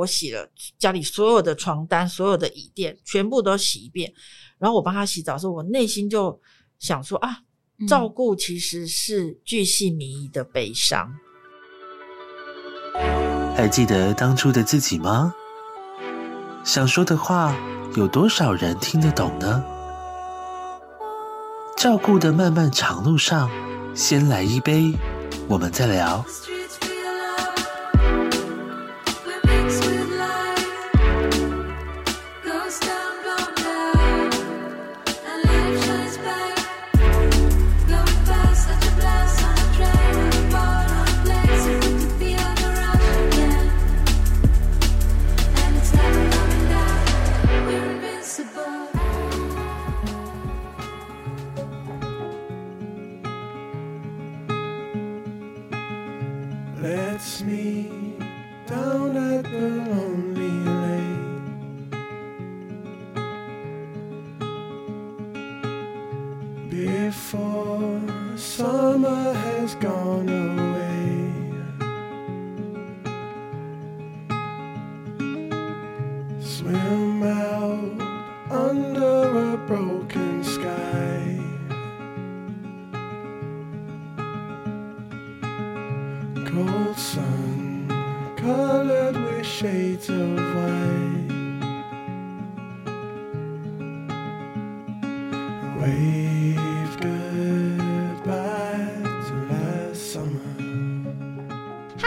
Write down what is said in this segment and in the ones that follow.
我洗了家裡所有的床單，所有的椅墊，全部都洗一遍。然後我幫他洗澡的時候，我內心就想說：啊，照顧其實是鉅細靡遺的悲傷。嗯、還記得當初的自己嗎？想說的話，有多少人聽得懂呢？照顧的漫漫長路上，先來一杯，我們再聊。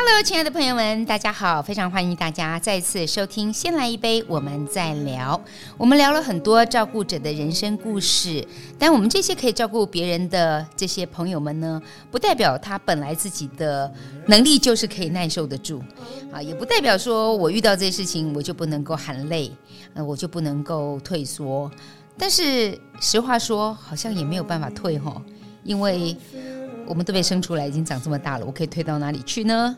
Hello，親愛的朋友們，大家好！非常歡迎大家再次收聽《先來一杯，我們再聊》。我們聊了很多照顧者的人生故事，但我們這些可以照顧別人的這些朋友們呢，不代表他本來自己的能力就是可以耐受得住啊，也不代表說我遇到這些事情，我就不能夠喊累，我就不能夠退縮。但是實話說，好像也沒有辦法退吼，因為。我們都被生出來，已經長這麼大了，我可以退到哪裡去呢？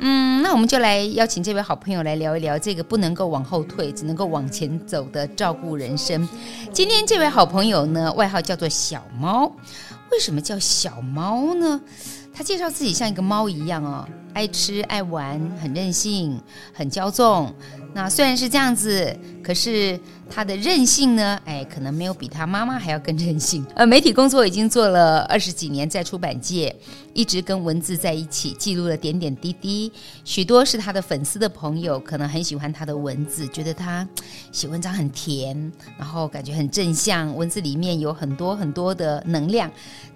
嗯，那我們就來邀請這位好朋友來聊一聊這個不能夠往後退，只能夠往前走的照顧人生。今天這位好朋友呢，外號叫做小貓。為什麼叫小貓呢？他介紹自己像一個貓一樣哦，愛吃、愛玩，很任性，很驕縱。那雖然是這樣子，可是。他的任性呢，哎，可能沒有比他媽媽還要更任性。呃，媒體工作已經做了二十幾年，在出版界一直跟文字在一起，記錄了點點滴滴。許多是他的粉絲的朋友，可能很喜歡他的文字，覺得他寫文章很甜，然後感覺很正向，文字裡面有很多很多的能量。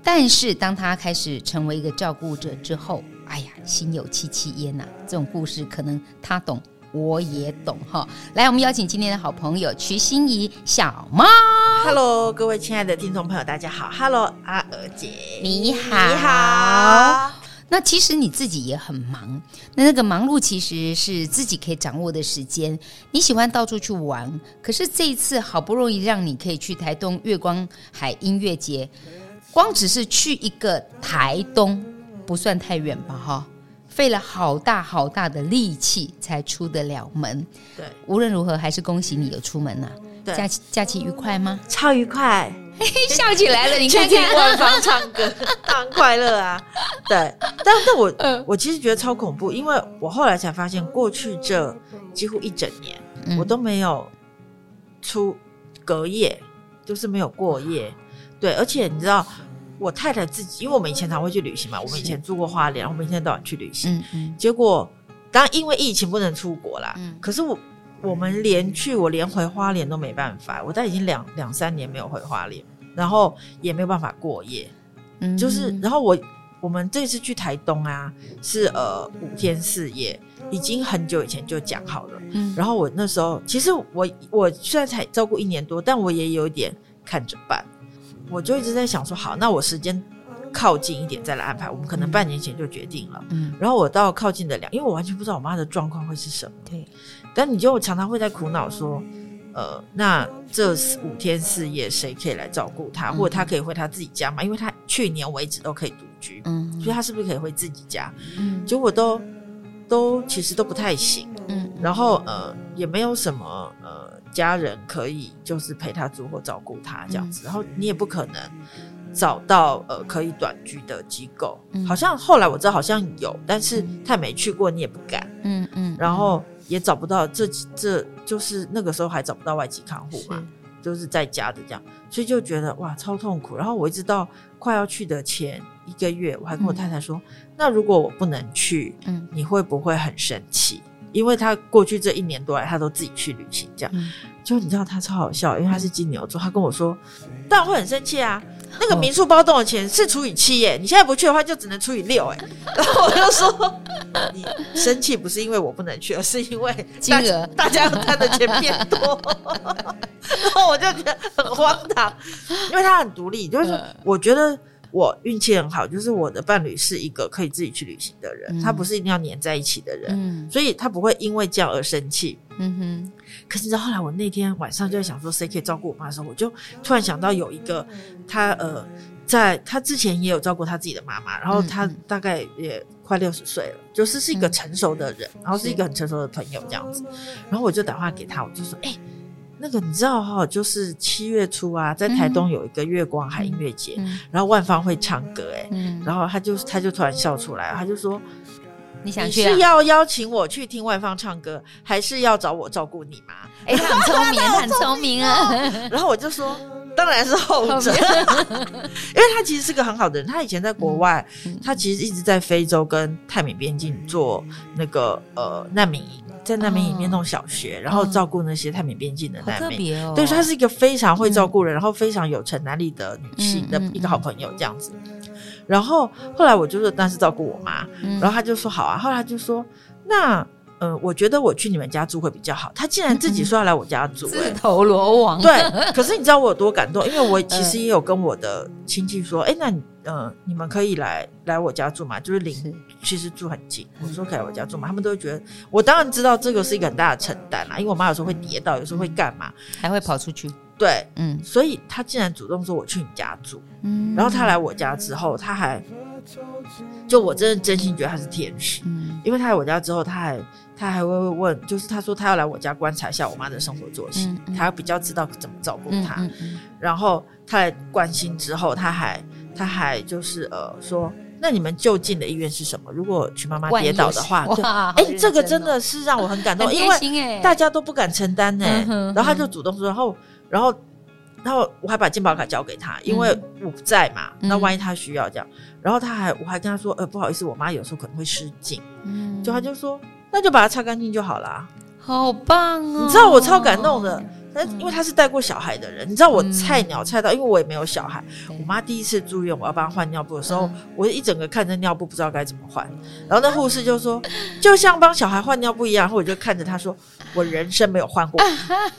但是當他開始成為一個照顧者之後，哎呀，心有戚戚焉吶、啊。這種故事可能他懂。我也懂哈，來，我們邀請今天的好朋友瞿欣怡小貓。Hello，各位親愛的聽眾朋友，大家好。Hello，阿娥姐，你好。你好。那其實你自己也很忙，那那個忙碌其實是自己可以掌握的時間。你喜歡到處去玩，可是這一次好不容易讓你可以去台東月光海音樂節，光只是去一個台東，不算太遠吧？哈。費了好大好大的力氣才出得了門，對，無論如何還是恭喜你有出門吶、啊！對假期假期愉快嗎？嗯、超愉快，， 笑起來了！ 你看看，萬芳唱歌當然 快樂啊，對，但但我、呃、我其實覺得超恐怖，因為我後來才發現，過去這幾乎一整年、嗯、我都沒有出隔夜，就是沒有過夜，對，而且你知道。我太太自己，因為我們以前常會去旅行嘛，我們以前住過花蓮，是然後我們以前都想去旅行。嗯嗯、結果，當然因為疫情不能出國啦，嗯、可是我我們連去我連回花蓮都沒辦法，我在已經兩兩三年沒有回花蓮，然後也沒有辦法過夜。嗯。就是，然後我我們這次去台東啊，是呃五天四夜，已經很久以前就講好了。嗯。然後我那時候，其實我我雖然才照顧一年多，但我也有點看着辦。我就一直在想說，好，那我時間靠近一點再來安排。我們可能半年前就決定了，嗯，然後我到靠近的兩，因為我完全不知道我媽的狀況會是什麼，對。但你就常常會在苦惱說，呃，那這五天四夜誰可以來照顧她？嗯、或者她可以回她自己家嗎？因為她去年為止都可以獨居，嗯，所以她是不是可以回自己家？嗯，結果都都其實都不太行，嗯，然後呃也沒有什麼呃。家人可以就是陪他住或照顧他這樣子，嗯、然後你也不可能找到呃可以短居的機構，嗯、好像後來我知道好像有，但是他沒去過，你也不敢，嗯嗯，嗯然後也找不到這這就是那個時候還找不到外籍看護嘛，是就是在家的這樣，所以就覺得哇超痛苦。然後我一直到快要去的前一個月，我還跟我太太說：“嗯、那如果我不能去，嗯，你會不會很生氣？”因為他過去這一年多來，他都自己去旅行，這樣。就、嗯、你知道他超好笑，因為他是金牛座，他跟我說：“但我會很生氣啊！哦、那個民宿包棟的錢是除以七耶，你現在不去的話，就只能除以六耶。”然後我就說：“嗯、 你生氣不是因為我不能去，而是因為大家額大家要賺的錢變多。”然後我就覺得很荒唐，因為他很獨立，就是、呃、我覺得。我運氣很好，就是我的伴侶是一個可以自己去旅行的人，嗯、他不是一定要黏在一起的人，嗯、所以他不會因為這樣而生氣。嗯哼。可是你知道後來我那天晚上就在想說，誰可以照顧我媽的時候，我就突然想到有一個，他呃，在他之前也有照顧他自己的媽媽，然後他大概也快六十歲了，就是是一個成熟的人，然後是一個很成熟的朋友這樣子，然後我就打電話給他，我就說，哎、欸。那個你知道哈、哦，就是七月初啊，在台東有一個月光海音樂節，嗯、然後萬芳會唱歌哎，嗯、然後他就他就突然笑出來，他就說：“你想去、啊、你是要邀請我去聽萬芳唱歌，還是要找我照顧你嗎？”哎、欸，他很聰明，啊、很聰明啊！然後我就說，當然是後者， 因為他其實是個很好的人，他以前在國外，嗯、他其實一直在非洲跟泰緬邊境做那個呃難民營。在那邊一邊弄小學，哦、然後照顧那些泰緬邊境的難民。哦特哦、對，她是一個非常會照顧人、嗯、然後非常有承擔力的女性、嗯、的一個好朋友這樣子。嗯嗯、然後後來我就說是當時照顧我媽，嗯、然後她就說好啊。後來就說那嗯、呃，我覺得我去你們家住會比較好。她竟然自己說要來我家住、欸嗯，自投羅網。 對，可是你知道我有多感動？因為我其實也有跟我的親戚說，哎、欸，那你嗯、呃，你們可以來來我家住嘛，就是領。是其實住很近，我說可以來我家住嘛，他們都會覺得。我當然知道這個是一個很大的承擔啦，因為我媽有時候會跌倒，有時候會幹嘛，還會跑出去。對，嗯，所以他竟然主動說我去你家住，嗯。然後他來我家之後，他還就我真的真心覺得他是天使，嗯。因為他來我家之後，他還他還會問，就是他說他要來我家觀察一下我媽的生活作息，嗯嗯。他要比較知道怎麼照顧她。嗯嗯嗯。然後他來關心之後，他還他還就是呃說。那你們就近的醫院是什麼？如果瞿媽媽跌倒的話，哎，這個真的是讓我很感動，因為大家都不敢承擔哎。然後他就主動說，然後，然後，然後我還把健保卡交給他，因為我不在嘛。那萬一他需要這樣，然後他還，我還跟他說，呃，不好意思，我媽有時候可能會失禁，就他就說，那就把它擦乾淨就好啦。好棒啊！你知道我超感動的。那因為他是帶過小孩的人，你知道我菜鳥菜到，因為我也沒有小孩。我媽第一次住院，我要幫她換尿布的時候，我一整個看着尿布不知道該怎麼換。然後那護士就說，就像幫小孩換尿布一樣。然後我就看着他說，我人生沒有換過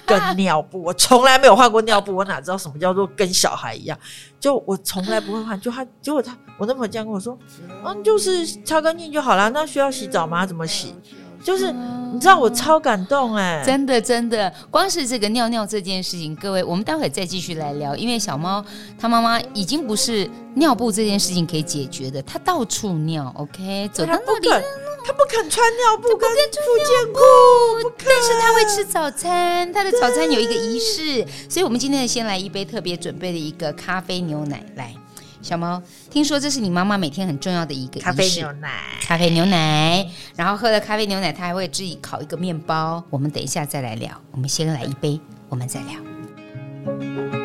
跟尿布，我從來沒有換過尿布，我哪知道什麼叫做跟小孩一樣？就我從來不會換。就他，結果他我那朋友這樣跟我說，嗯，就是擦乾淨就好啦。那需要洗澡嗎？怎麼洗？就是，你知道我超感動哎、欸嗯，真的真的，光是這個尿尿這件事情，各位，我們待會再繼續來聊，因為小貓它媽媽已經不是尿布這件事情可以解決的，它到處尿，OK，走到那裡，它不肯，它不肯穿尿布跟復健褲，但是它會吃早餐，它的早餐有一個儀式，對所以我們今天先來一杯特別準備的一個咖啡牛奶來。小貓，聽說這是你媽媽每天很重要的一個儀式。咖啡牛奶。咖啡牛奶，然後喝了咖啡牛奶，她還會自己烤一個麵包。我們等一下再來聊，我們先來一杯，我們再聊。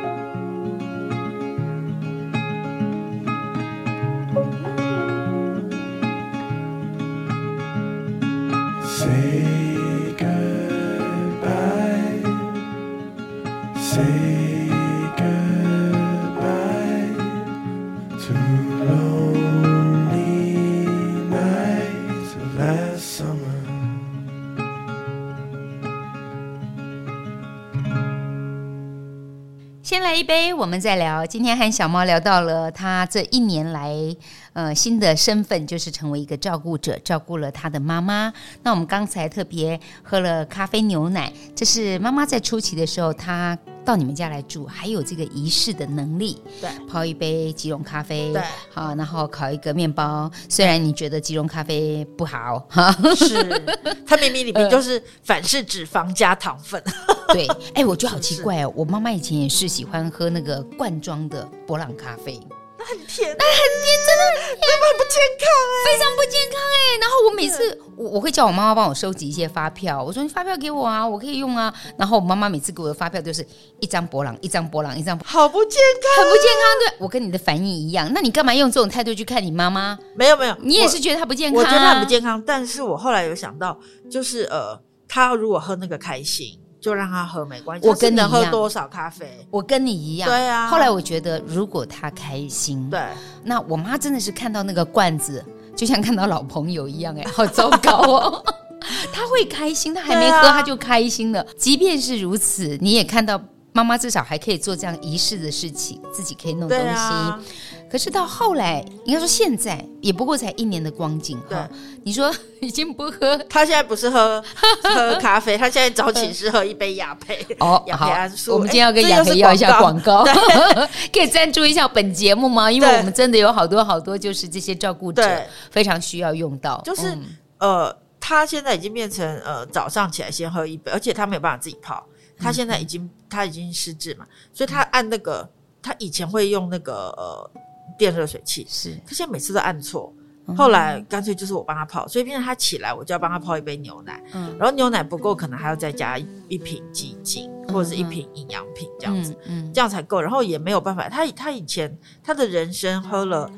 一杯，杯，我們再聊。今天和小貓聊到了他這一年來。呃，新的身份就是成為一個照顧者照顧了他的媽媽。那我們剛才特別喝了咖啡牛奶，這是媽媽在初期的時候，她到你們家來住，還有這個儀式的能力。對，泡一杯即溶咖啡。對，好、啊，然後烤一個麵包。雖然你覺得即溶咖啡不好，對 是它明明裡面就是反式脂肪加糖分。 對，哎、欸，我覺得好奇怪哦，是是我媽媽以前也是喜歡喝那個罐裝的伯朗咖啡。那很甜，欸，那很甜，真的，對吧，很不健康，欸，非常不健康哎，欸，然後我每次對我我會叫我媽媽幫我收集一些發票，我說你發票給我啊，我可以用啊。然後我媽媽每次給我的發票就是一張波朗，一張波朗，一張好不健康，啊，很不健康。對，我跟你的反應一樣。那你幹嘛用這種態度去看你媽媽？沒有沒有，你也是覺得她不健康，啊我，我覺得她很不健康。但是我後來有想到，就是呃，她如果喝那個開心。就讓他喝沒關係，我跟你喝多少咖啡，我跟你一樣。對啊。後來我覺得，如果他開心，對，那我媽真的是看到那個罐子，就像看到老朋友一樣、欸，哎，好糟糕哦、喔。 他會開心，他還沒喝、啊、他就開心了。即便是如此，你也看到媽媽至少還可以做這樣儀式的事情，自己可以弄東西。可是到後來，應該說現在也不過才一年的光景哈。你說已經不喝，他現在不是喝喝咖啡，他現在早起是喝一杯雅培。哦，好，我們今天要跟雅培要一下廣告，可以贊助一下本節目嗎？因為我們真的有好多好多，就是這些照顧者非常需要用到。就是呃，他現在已經變成呃，早上起來先喝一杯，而且他沒有辦法自己泡，他現在已經他已經失智嘛，所以他按那個他以前會用那個呃。電熱水器是，他現在每次都按錯，後來乾脆就是我幫他泡，嗯、所以變成他起來我就要幫他泡一杯牛奶，嗯，然後牛奶不夠、嗯、可能還要再加一,一瓶雞精或者是一瓶營養品、嗯、這樣子，嗯，這樣才夠，然後也沒有辦法，他他以前他的人生喝了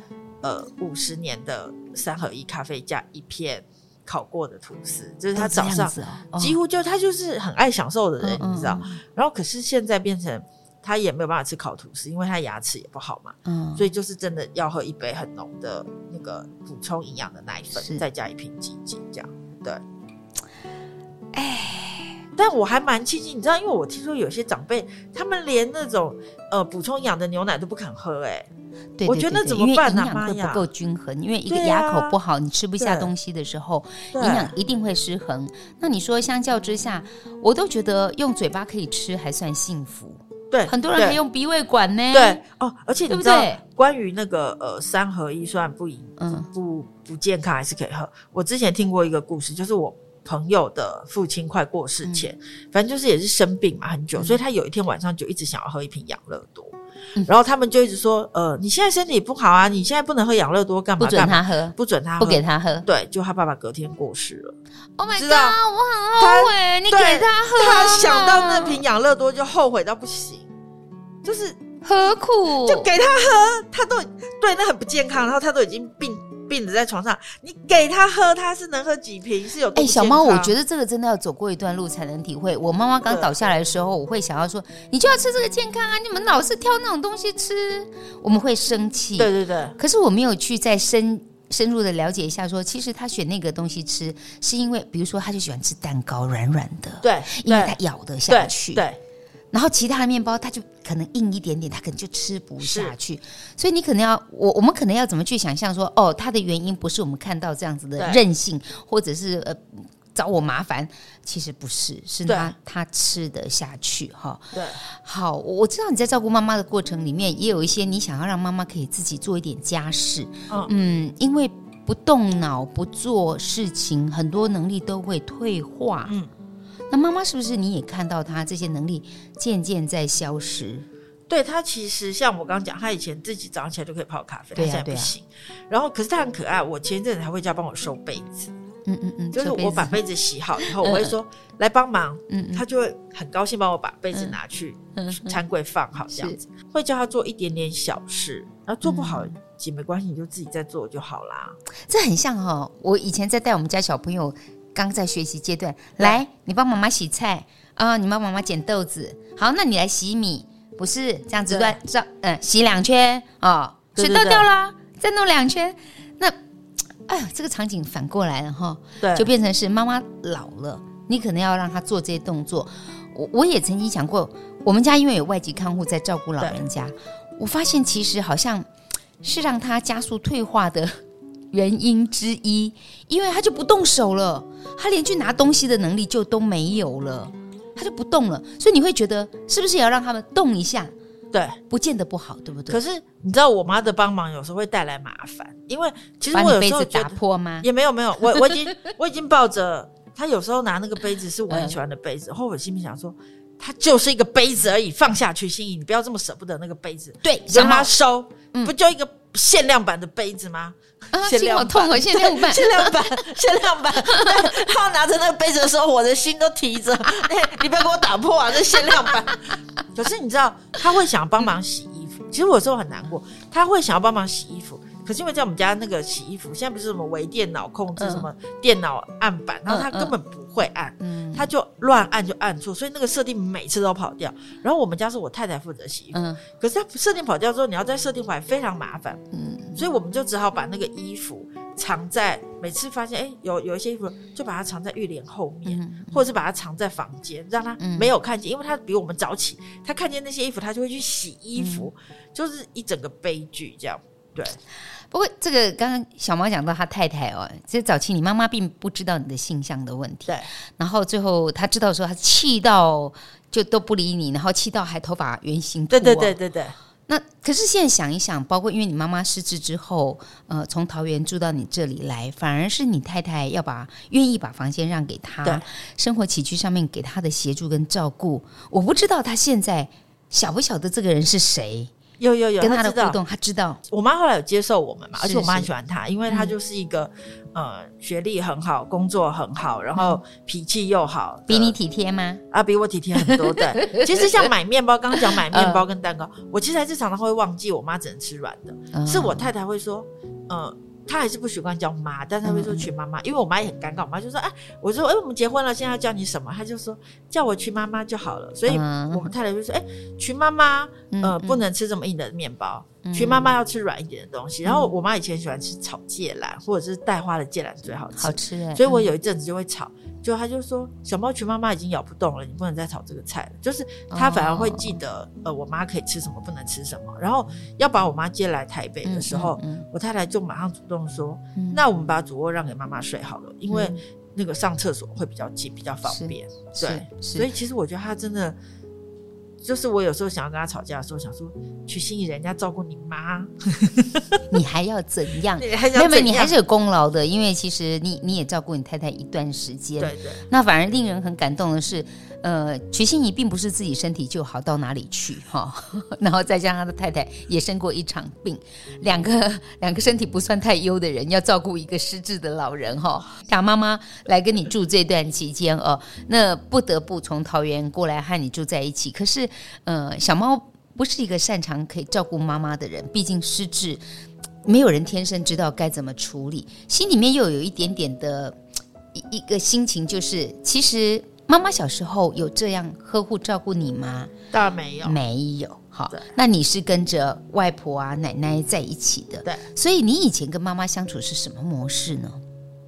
呃五十年的三合一咖啡加一片烤過的吐司，就是他早上、嗯啊哦、幾乎就他就是很愛享受的人，嗯、你知道，嗯、然後可是現在變成。他也沒有辦法吃烤吐司，因為他牙齒也不好嘛，嗯，所以就是真的要喝一杯很濃的那個補充營養的奶粉，是再加一瓶雞精。這樣，對。哎唉，但我還蠻慶幸，你知道，因為我聽說有些長輩他們連那種呃補充營養的牛奶都不肯喝、欸，哎，對,對,對,對，我覺得那怎麼辦呢、啊？媽媽呀，營養都不夠均衡，呀因為一個牙口不好，你吃不下東西的時候，營養一定會失衡。那你說相較之下，我都覺得用嘴巴可以吃還算幸福。對，很多人還用鼻胃管呢。對、對哦，而且你知道，對對，關於那個呃三合一，雖然不嗯，不不健康，還是可以喝。嗯、我之前聽過一個故事，就是我朋友的父親快過世前，嗯、反正就是也是生病嘛，很久，嗯、所以他有一天晚上就一直想要喝一瓶養樂多。嗯，然後他們就一直說，呃，你現在身體不好啊，你現在不能喝養樂多幹，幹嘛？不准他喝，不准他，不給他喝。對，就他爸爸隔天過世了。Oh my god！我很後悔，他你給他喝，他想到那瓶養樂多就後悔到不行，就是何苦就給他喝？他都對那很不健康，然後他都已經病。病躺在床上，你給他喝，他是能喝幾瓶？是有哎、欸，小貓，我覺得這個真的要走過一段路才能體會。我媽媽剛倒下來的時候，我會想要說，你就要吃這個健康啊！你們老是挑那種東西吃，我們會生氣。對對對，可是我沒有去再深深入的了解一下說，說其實他選那個東西吃，是因為比如說，他就喜歡吃蛋糕，軟軟的對，對，因為他咬得下去，對。對然後其他的麵包，它就可能硬一點點，它可能就吃不下去是。所以你可能要，我我們可能要怎麼去想象說，哦，它的原因不是我們看到這樣子的任性，對或者是呃找我麻煩，其實不是，是他對他吃得下去哈。哦、對，好，我知道你在照顧媽媽的過程裡面，也有一些你想要讓媽媽可以自己做一點家事。哦、嗯，因為不動腦不做事情，很多能力都會退化。嗯。那媽媽是不是你也看到他這些能力漸漸在消失？對他其實像我剛剛講，他以前自己早上起來就可以泡咖啡，他、啊、現在不行。啊、然後，可是他很可愛，我前一陣子還會叫幫我收被子。嗯嗯嗯，嗯嗯就是我把被子洗好以後，我會說、嗯、來幫忙。嗯他、嗯、就會很高興幫我把被子拿去餐櫃放好、嗯嗯嗯、這樣子。是會叫他做一點點小事，然後做不好也、嗯、沒關係，你就自己再做就好啦。這很像哈、哦，我以前在帶我們家小朋友。剛在學習階段，來，你幫媽媽洗菜啊、哦！你幫媽媽撿豆子，好，那你來洗米，不是這樣子亂轉，嗯對、呃，洗兩圈啊，水、哦、倒掉了，再弄兩圈。那哎呦，這個場景反過來了哈，對，就變成是媽媽老了，你可能要讓她做這些動作。我我也曾經想過，我們家因為有外籍看護在照顧老人家，對我發現其實好像是讓她加速退化的原因之一，因為她就不動手了。他連去拿東西的能力就都沒有了，他就不動了。所以你會覺得是不是也要讓他們動一下？對，不見得不好，對不對？可是你知道我媽的幫忙有時候會帶來麻煩，因為其實我有時候杯子打破嗎？也沒有沒有，我我已經 我已經抱着他有時候拿那個杯子是我很喜歡的杯子，嗯、後我心裡想說他就是一個杯子而已，放下去心意，欣怡你不要這麼捨不得那個杯子，對，讓他收，嗯、不就一個。限量版的杯子嗎？啊、限量版，心好痛啊限量版，限量版，對限量版。他 拿着那個杯子的時候，我的心都提着， 你不要給我打破啊！ 這限量版。 可是你知道，他會想幫忙洗衣服。其實我有時候很難過，他會想要幫忙洗衣服。可是因為在我們家那個洗衣服，現在不是什麼微電腦控制，什麼電腦按板，嗯、然後他根本不會按，嗯、他就亂按就按錯，所以那個設定每次都跑掉。然後我們家是我太太負責洗衣服，嗯、可是他設定跑掉之後，你要再設定回來非常麻煩，嗯、所以我們就只好把那個衣服藏在、嗯、每次發現哎、欸、有有一些衣服就把它藏在浴簾後面，嗯嗯、或者是把它藏在房間，讓他沒有看見，因為他比我們早起，他看見那些衣服他就會去洗衣服，嗯、就是一整個悲劇這樣。對，不過這個剛剛小貓講到他太太哦，其實早期你媽媽並不知道你的性向的問題，對。然後最後他知道說他是氣到就都不理你，然後氣到還頭髮圓形禿哦。對,對對對對對。那可是現在想一想，包括因為你媽媽失智之後，呃，從桃園住到你這裡來，反而是你太太要把願意把房間讓給他，對生活起居上面給他的協助跟照顧。我不知道他現在曉不曉得這個人是誰。有有有，跟他，他知道，他知道。我媽後來有接受我們嘛。是是是，而且我媽很喜歡他，因為他就是一個，嗯、呃，學歷很好，工作很好，然後脾氣又好。嗯，比你體貼嗎？啊，比我體貼很多 對，其實像買麵包，剛剛講買麵包跟蛋糕，呃、我其實還是常常會忘記我媽只能吃軟的，嗯、是我太太會說，嗯、呃。他還是不習慣叫媽，但他會說“群媽媽”，因為我媽也很尷尬，我媽就說：“哎、欸，我說，哎、欸，我們結婚了，現在要叫你什麼？”他就說：“叫我群媽媽就好了。”所以我們太太就說：“哎、欸，群媽媽，呃，嗯，不能吃這麼硬的麵包，群媽媽要吃軟一點的東西。”然後我媽以前喜歡吃炒芥藍，或者是帶花的芥藍最好吃，好吃欸，所以我有一陣子就會炒。就他就說小貓群媽媽已經咬不動了，你不能再炒這個菜了。就是他反而會記得，哦、呃，我媽可以吃什麼，不能吃什麼。然後要把我媽接來台北的時候，嗯嗯嗯、我太太就馬上主動說，嗯、那我們把主臥讓給媽媽睡好了，因為那個上廁所會比較近，比較方便。嗯、對，是是是所以其實我覺得他真的。就是我有時候想要跟他吵架的時候，想說，去欣怡人家照顧你媽， 你還要怎樣？妹妹，你還是有功勞的，因為其實你你也照顧你太太一段時間，對，對對。那反而令人很感動的是。對對對嗯呃，瞿欣怡並不是自己身體就好到哪裡去哈、哦，然後再加上他的太太也生過一場病，兩個兩個身體不算太優的人要照顧一個失智的老人哈，她、哦、媽媽來跟你住這段期間哦，那不得不從桃園過來和你住在一起。可是，呃，小貓不是一個擅長可以照顧媽媽的人，畢竟失智，沒有人天生知道該怎麼處理，心裡面又有一點點的一一個心情，就是其實。媽媽小時候有這樣呵護照顧你嗎？當然沒有，沒有。好，對那你是跟着外婆啊、奶奶在一起的。對。所以你以前跟媽媽相處是什麼模式呢？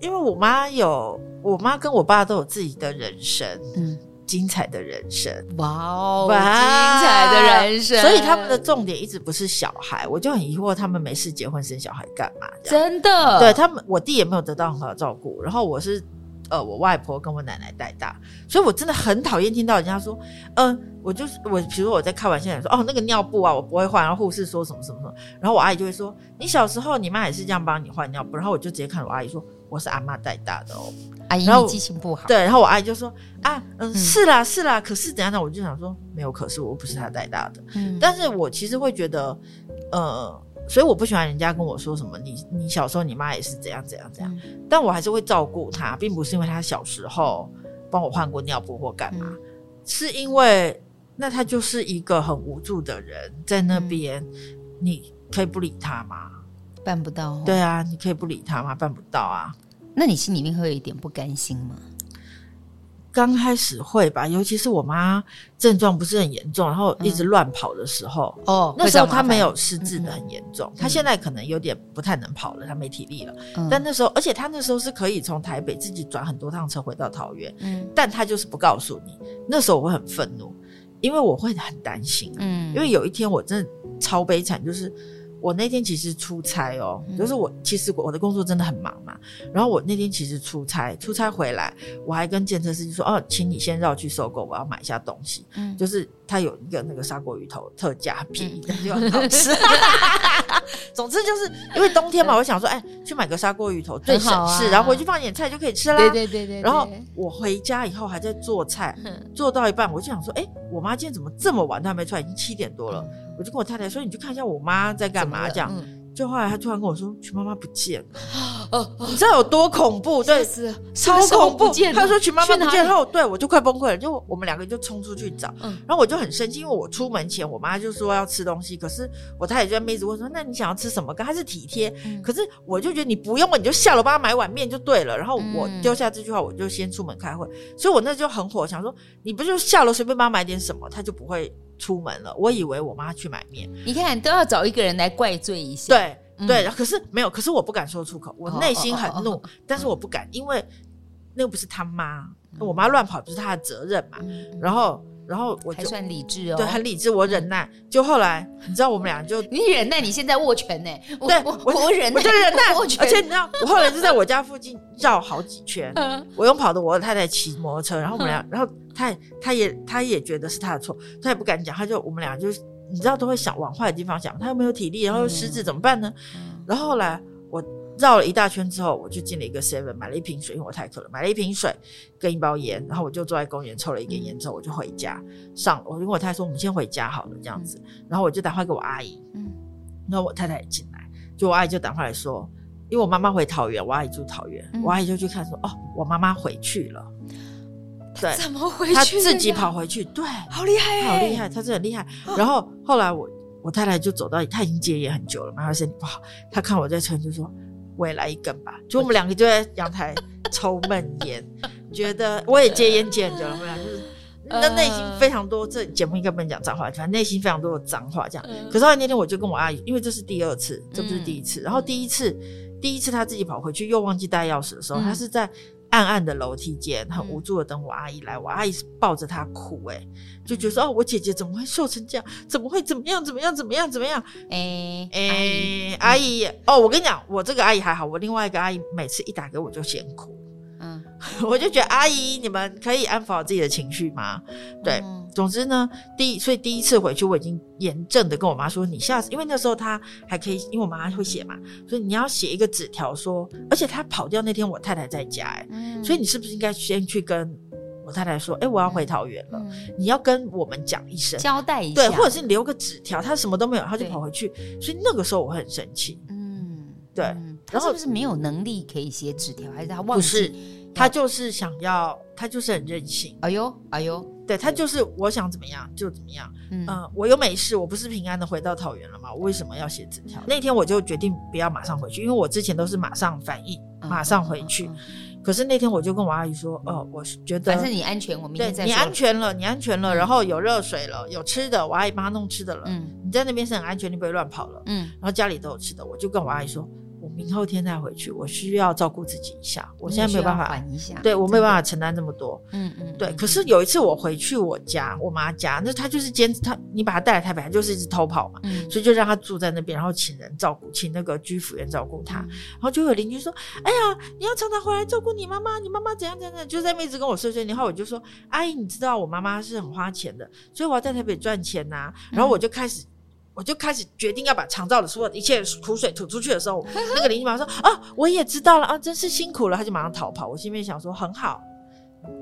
因為我媽有，我媽跟我爸都有自己的人生，嗯，精彩的人生。哇哦，精彩的人生！所以他們的重點一直不是小孩，我就很疑惑，他們沒事結婚生小孩幹嘛？真的？對他們，我弟也沒有得到很好的照顧，然後我是。呃，我外婆跟我奶奶帶大，所以我真的很討厭聽到人家說，嗯、呃，我就是我，比如說我在開玩笑說，哦，那個尿布啊，我不會換，然後護士說什麼什麼什麼，然後我阿姨就會說，你小時候你媽也是這樣幫你換尿布，嗯、然後我就直接看我阿姨說，我是阿媽帶大的哦，阿姨你記性不好，對，然後我阿姨就說，啊，嗯，嗯是啦是啦，可是怎樣呢？我就想說，沒有，可是我不是她帶大的，嗯、但是我其實會覺得，呃。所以我不喜歡人家跟我說什麼，你你小時候你媽也是怎樣怎樣怎樣，嗯、但我還是會照顧她，並不是因為她小時候幫我換過尿布或幹嘛，嗯、是因為那她就是一個很無助的人在那邊，嗯、你可以不理她嗎？辦不到、哦。對啊，你可以不理她嗎？辦不到啊。那你心裡面會有一點不甘心嗎？剛開始會吧，尤其是我媽症狀不是很嚴重，然後一直亂跑的時候，嗯、哦，那時候她沒有失智得很嚴重，嗯、她現在可能有點不太能跑了，她沒體力了。嗯、但那時候，而且她那時候是可以從台北自己轉很多趟車回到桃園，嗯，但她就是不告訴你。那時候我會很憤怒，因為我會很擔心，嗯，因為有一天我真的超悲慘，就是。我那天其實出差哦，就是我其實我的工作真的很忙嘛。嗯、然後我那天其實出差，出差回來，我還跟計程車司機說：“哦，請你先繞去收購，我要買一下東西。”嗯，就是他有一個那個砂鍋魚頭特價，便宜又好吃。嗯、 總之就是因為冬天嘛，我想說，哎、欸，去買個砂鍋魚頭最省事，然後回去放點菜就可以吃啦。對,對對對對。然後我回家以後還在做菜，嗯、做到一半我就想說：“誒、欸、我媽今天怎麼這麼晚都還沒出來？已經七點多了。嗯”我就跟我太太說：“你去看一下我媽在幹嘛。”這樣，嗯、就後來她突然跟我說：“瞿媽媽不見了。哦”哦、你知道有多恐怖？對，超恐怖。他說：“瞿媽媽不見後對，對我就快崩潰了。”就我們兩個人就衝出去找。嗯嗯、然後我就很生氣，因為我出門前我媽就說要吃東西，可是我太太就在妹子問說：“那你想要吃什麼？”她是體貼，嗯、可是我就覺得你不用了，你就下樓幫她買碗麵就對了。然後我丟下這句話，我就先出門開會，所以我那就很火，想說你不就下樓隨便幫她買點什麼，她就不會出門了，我以為我媽去買麵。你看，都要找一個人來怪罪一下。對對，可是沒有，可是我不敢說出口，我內心很怒，但是我不敢，因為那又不是他媽，我媽亂跑不是他的責任嘛。然後。然後我就還算理智哦，對，很理智，我忍耐，就後來，你知道我們倆就你忍耐，你現在握拳呢？對，我我忍耐，我就忍耐，而且你知道，我後來就在我家附近繞好幾圈，我用跑的，我太太騎摩托車，然後我們倆，然後他他也他也覺得是他的錯，他也不敢講，他就我們倆就你知道都會想往壞的地方想，他又沒有體力，然後獅子怎麼辦呢？然後後來。繞了一大圈之後，我就進了一個 Seven，買了一瓶水，因為我太渴了。買了一瓶水跟一包煙，然後我就坐在公園抽了一根煙之後，我就回家上。我因為我太太說我們先回家好了這樣子，嗯、然後我就打電話給我阿姨。嗯，然後我太太也進來，就我阿姨就打電話來說，因為我媽媽回桃園，我阿姨住桃園，嗯、我阿姨就去看說哦，我媽媽回去了。嗯、對，怎麼回去？她自己跑回去，對，好厲害！欸、好厲害，好厲害，她真的很厲害。然後後來我我太太就走到，她已經戒菸很久了嘛，她身體不好，她看我在抽就說。我也來一根吧，就我們兩個就在陽台抽悶煙， 覺得我也戒菸戒很久了。後來就是那內心非常多，這節目應該不能講髒話，反正內心非常多的髒話這樣。可是後來那天我就跟我阿姨，因為這是第二次，這不是第一次。嗯、然後第一次、嗯、第一次她自己跑回去又忘記帶鑰匙的時候，她、嗯、是在。暗暗的樓梯間，很無助的等我阿姨來，嗯、我阿姨抱着她哭、欸，哎，就覺得說，哦，我姐姐怎麼會瘦成這樣？怎麼會怎麼樣？怎，怎麼樣？怎麼樣？怎麼樣？哎誒阿，姨、嗯、阿姨，哦，我跟你講，我這個阿姨還好，我另外一個阿姨每次一打給我，我就先哭。 我就覺得阿姨，你們可以安撫好自己的情緒嗎？對，嗯、總之呢，第所以第一次回去，我已經嚴正的跟我媽說：“你下次，因為那時候她還可以，因為我媽會寫嘛，所以你要寫一個紙條說，而且她跑掉那天，我太太在家、欸，哎、嗯，所以你是不是應該先去跟我太太說：‘哎、欸，我要回桃園了，嗯嗯、你要跟我們講一聲，交代一下，對，或者是你留個紙條，她什麼都沒有，她就跑回去。對’所以那個時候我會很生氣，嗯，對，嗯、然後是不是沒有能力可以寫紙條，還是她忘記？他就是想要，他就是很任性。哎呦，哎呦，對，他就是我想怎麼樣就怎麼樣。嗯，我又沒事，我不是平安的回到桃園了嗎？我為什麼要寫紙條？那天我就決定不要馬上回去，因為我之前都是馬上反應，馬上回去。可是那天我就跟我阿姨說：“哦，我覺得反正你安全，我明天你安全了，你安全了，然後有熱水了，有吃的，我阿姨幫他弄吃的了。嗯，你在那邊是很安全，你不會亂跑了。嗯，然後家裡都有吃的，我就跟我阿姨說。”我明後天再回去，我需要照顧自己一下。我現在沒有辦法，你要管一下，對我沒辦法承擔這麼多。嗯嗯，嗯對。可是有一次我回去我家，我媽家，那她就是堅持，她你把她帶來台北，她就是一直偷跑嘛。嗯，所以就讓她住在那邊，然後請人照顧，請那個居服員照顧她。然後就有鄰居說：“哎呀，你要常常回來照顧你媽媽，你媽媽怎樣怎樣。”就在妹子跟我說說，然後我就說：“阿姨，你知道我媽媽是很花錢的，所以我要在台北賺錢吶、啊。”然後我就開始。嗯我就開始決定要把長照的所有的一切苦水吐出去的時候，那個鄰居媽媽說：“啊，我也知道了啊，真是辛苦了。”她就馬上逃跑。我心裡面想說：“很好，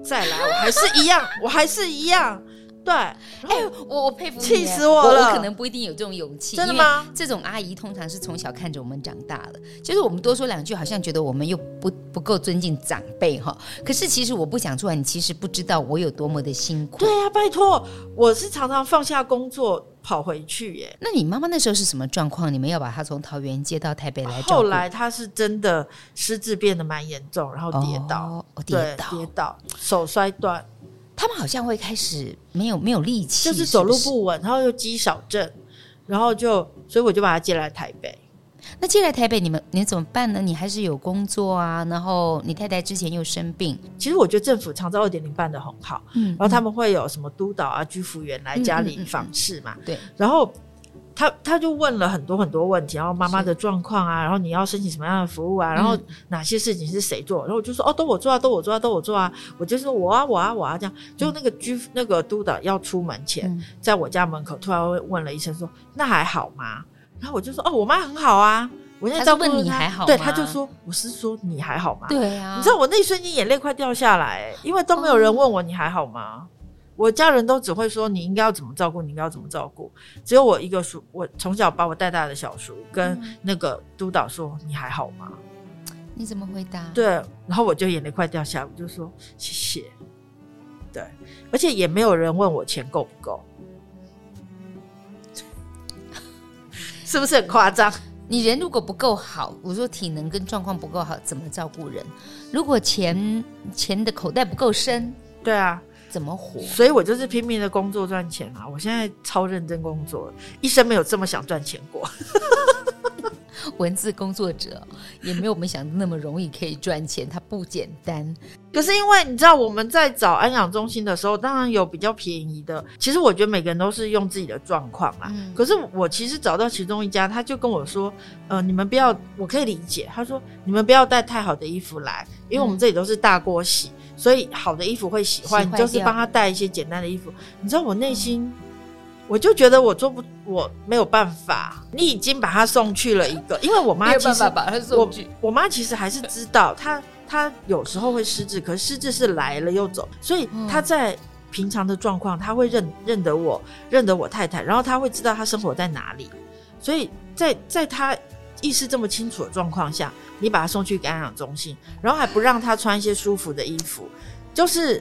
再來，我還是一樣， 我還是一樣。”對，哎、欸，我我佩服，氣死我了！我我可能不一定有這種勇氣，真的嗎？這種阿姨通常是從小看着我們長大的，就是我們多說兩句，好像覺得我們又不不夠尊敬長輩哈。可是其實我不講出來，你其實不知道我有多麼的辛苦。對啊，拜托，我是常常放下工作。跑回去耶！那你媽媽那時候是什麼狀況？你們要把她從桃園接到台北來？後來她是真的失智變得蠻嚴重，然後跌倒，哦、跌倒對，跌倒，手摔斷。他們好像會開始沒有沒有力氣，就是走路不穩，是不是？然後又肌少症，然後就所以我就把她接來台北。那進來台北，你們你怎麼辦呢？你還是有工作啊？然後你太太之前又生病，其實我覺得政府長照二點零辦得很好，嗯，然後他們會有什麼督導啊、嗯、居服員來家裡訪視嘛、嗯嗯嗯，對。然後他他就問了很多很多問題，然後媽媽的狀況啊，是然後你要申請什麼樣的服務啊，嗯、然後哪些事情是誰做，然後我就說哦，都我做啊，都我做啊，都我做啊，我就說我啊，我啊，我啊這樣。就那個居、嗯、那個督導要出門前，嗯、在我家門口突然問了一聲說：“那還好嗎？”然後我就說：“哦，我媽很好啊，我現在在問你還好嗎？”對，她就說：“我是說你還好嗎？”對啊，你知道我那一瞬間眼淚快掉下來，因為都沒有人問我你還好嗎？嗯、我家人都只會說你應該要怎麼照顧，你應該要怎麼照顧，只有我一個叔，我從小把我帶大的小叔跟那個督導說：“你還好嗎、嗯？”你怎麼回答？對，然後我就眼淚快掉下來，我就說：“謝謝。”對，而且也沒有人問我錢夠不夠。是不是很誇張？你人如果不夠好，我說體能跟狀況不夠好，怎麼照顧人？如果錢錢的口袋不夠深，對啊，怎麼活？所以我就是拼命的工作賺錢啊！我現在超認真工作，一生沒有這麼想賺錢過。 文字工作者也沒有我們想的那麼容易可以賺錢，它不簡單。可是因為你知道我們在找安養中心的時候，當然有比較便宜的。其實我覺得每個人都是用自己的狀況啦。嗯、可是我其實找到其中一家，他就跟我說：“呃，你們不要，我可以理解。”他說：“你們不要帶太好的衣服來，因為我們這裡都是大鍋洗，所以好的衣服會洗壞，你就是幫他帶一些簡單的衣服。”你知道我內心。嗯我就覺得我做不，我沒有辦法。你已經把他送去了一個，因為我媽其實我我媽其實還是知道他，他有時候會失智，可是失智是來了又走，所以他在平常的狀況，他會認認得我，認得我太太，然後他會知道他生活在哪裡。所以在在他意識這麼清楚的狀況下，你把他送去安養中心，然後還不讓他穿一些舒服的衣服，就是。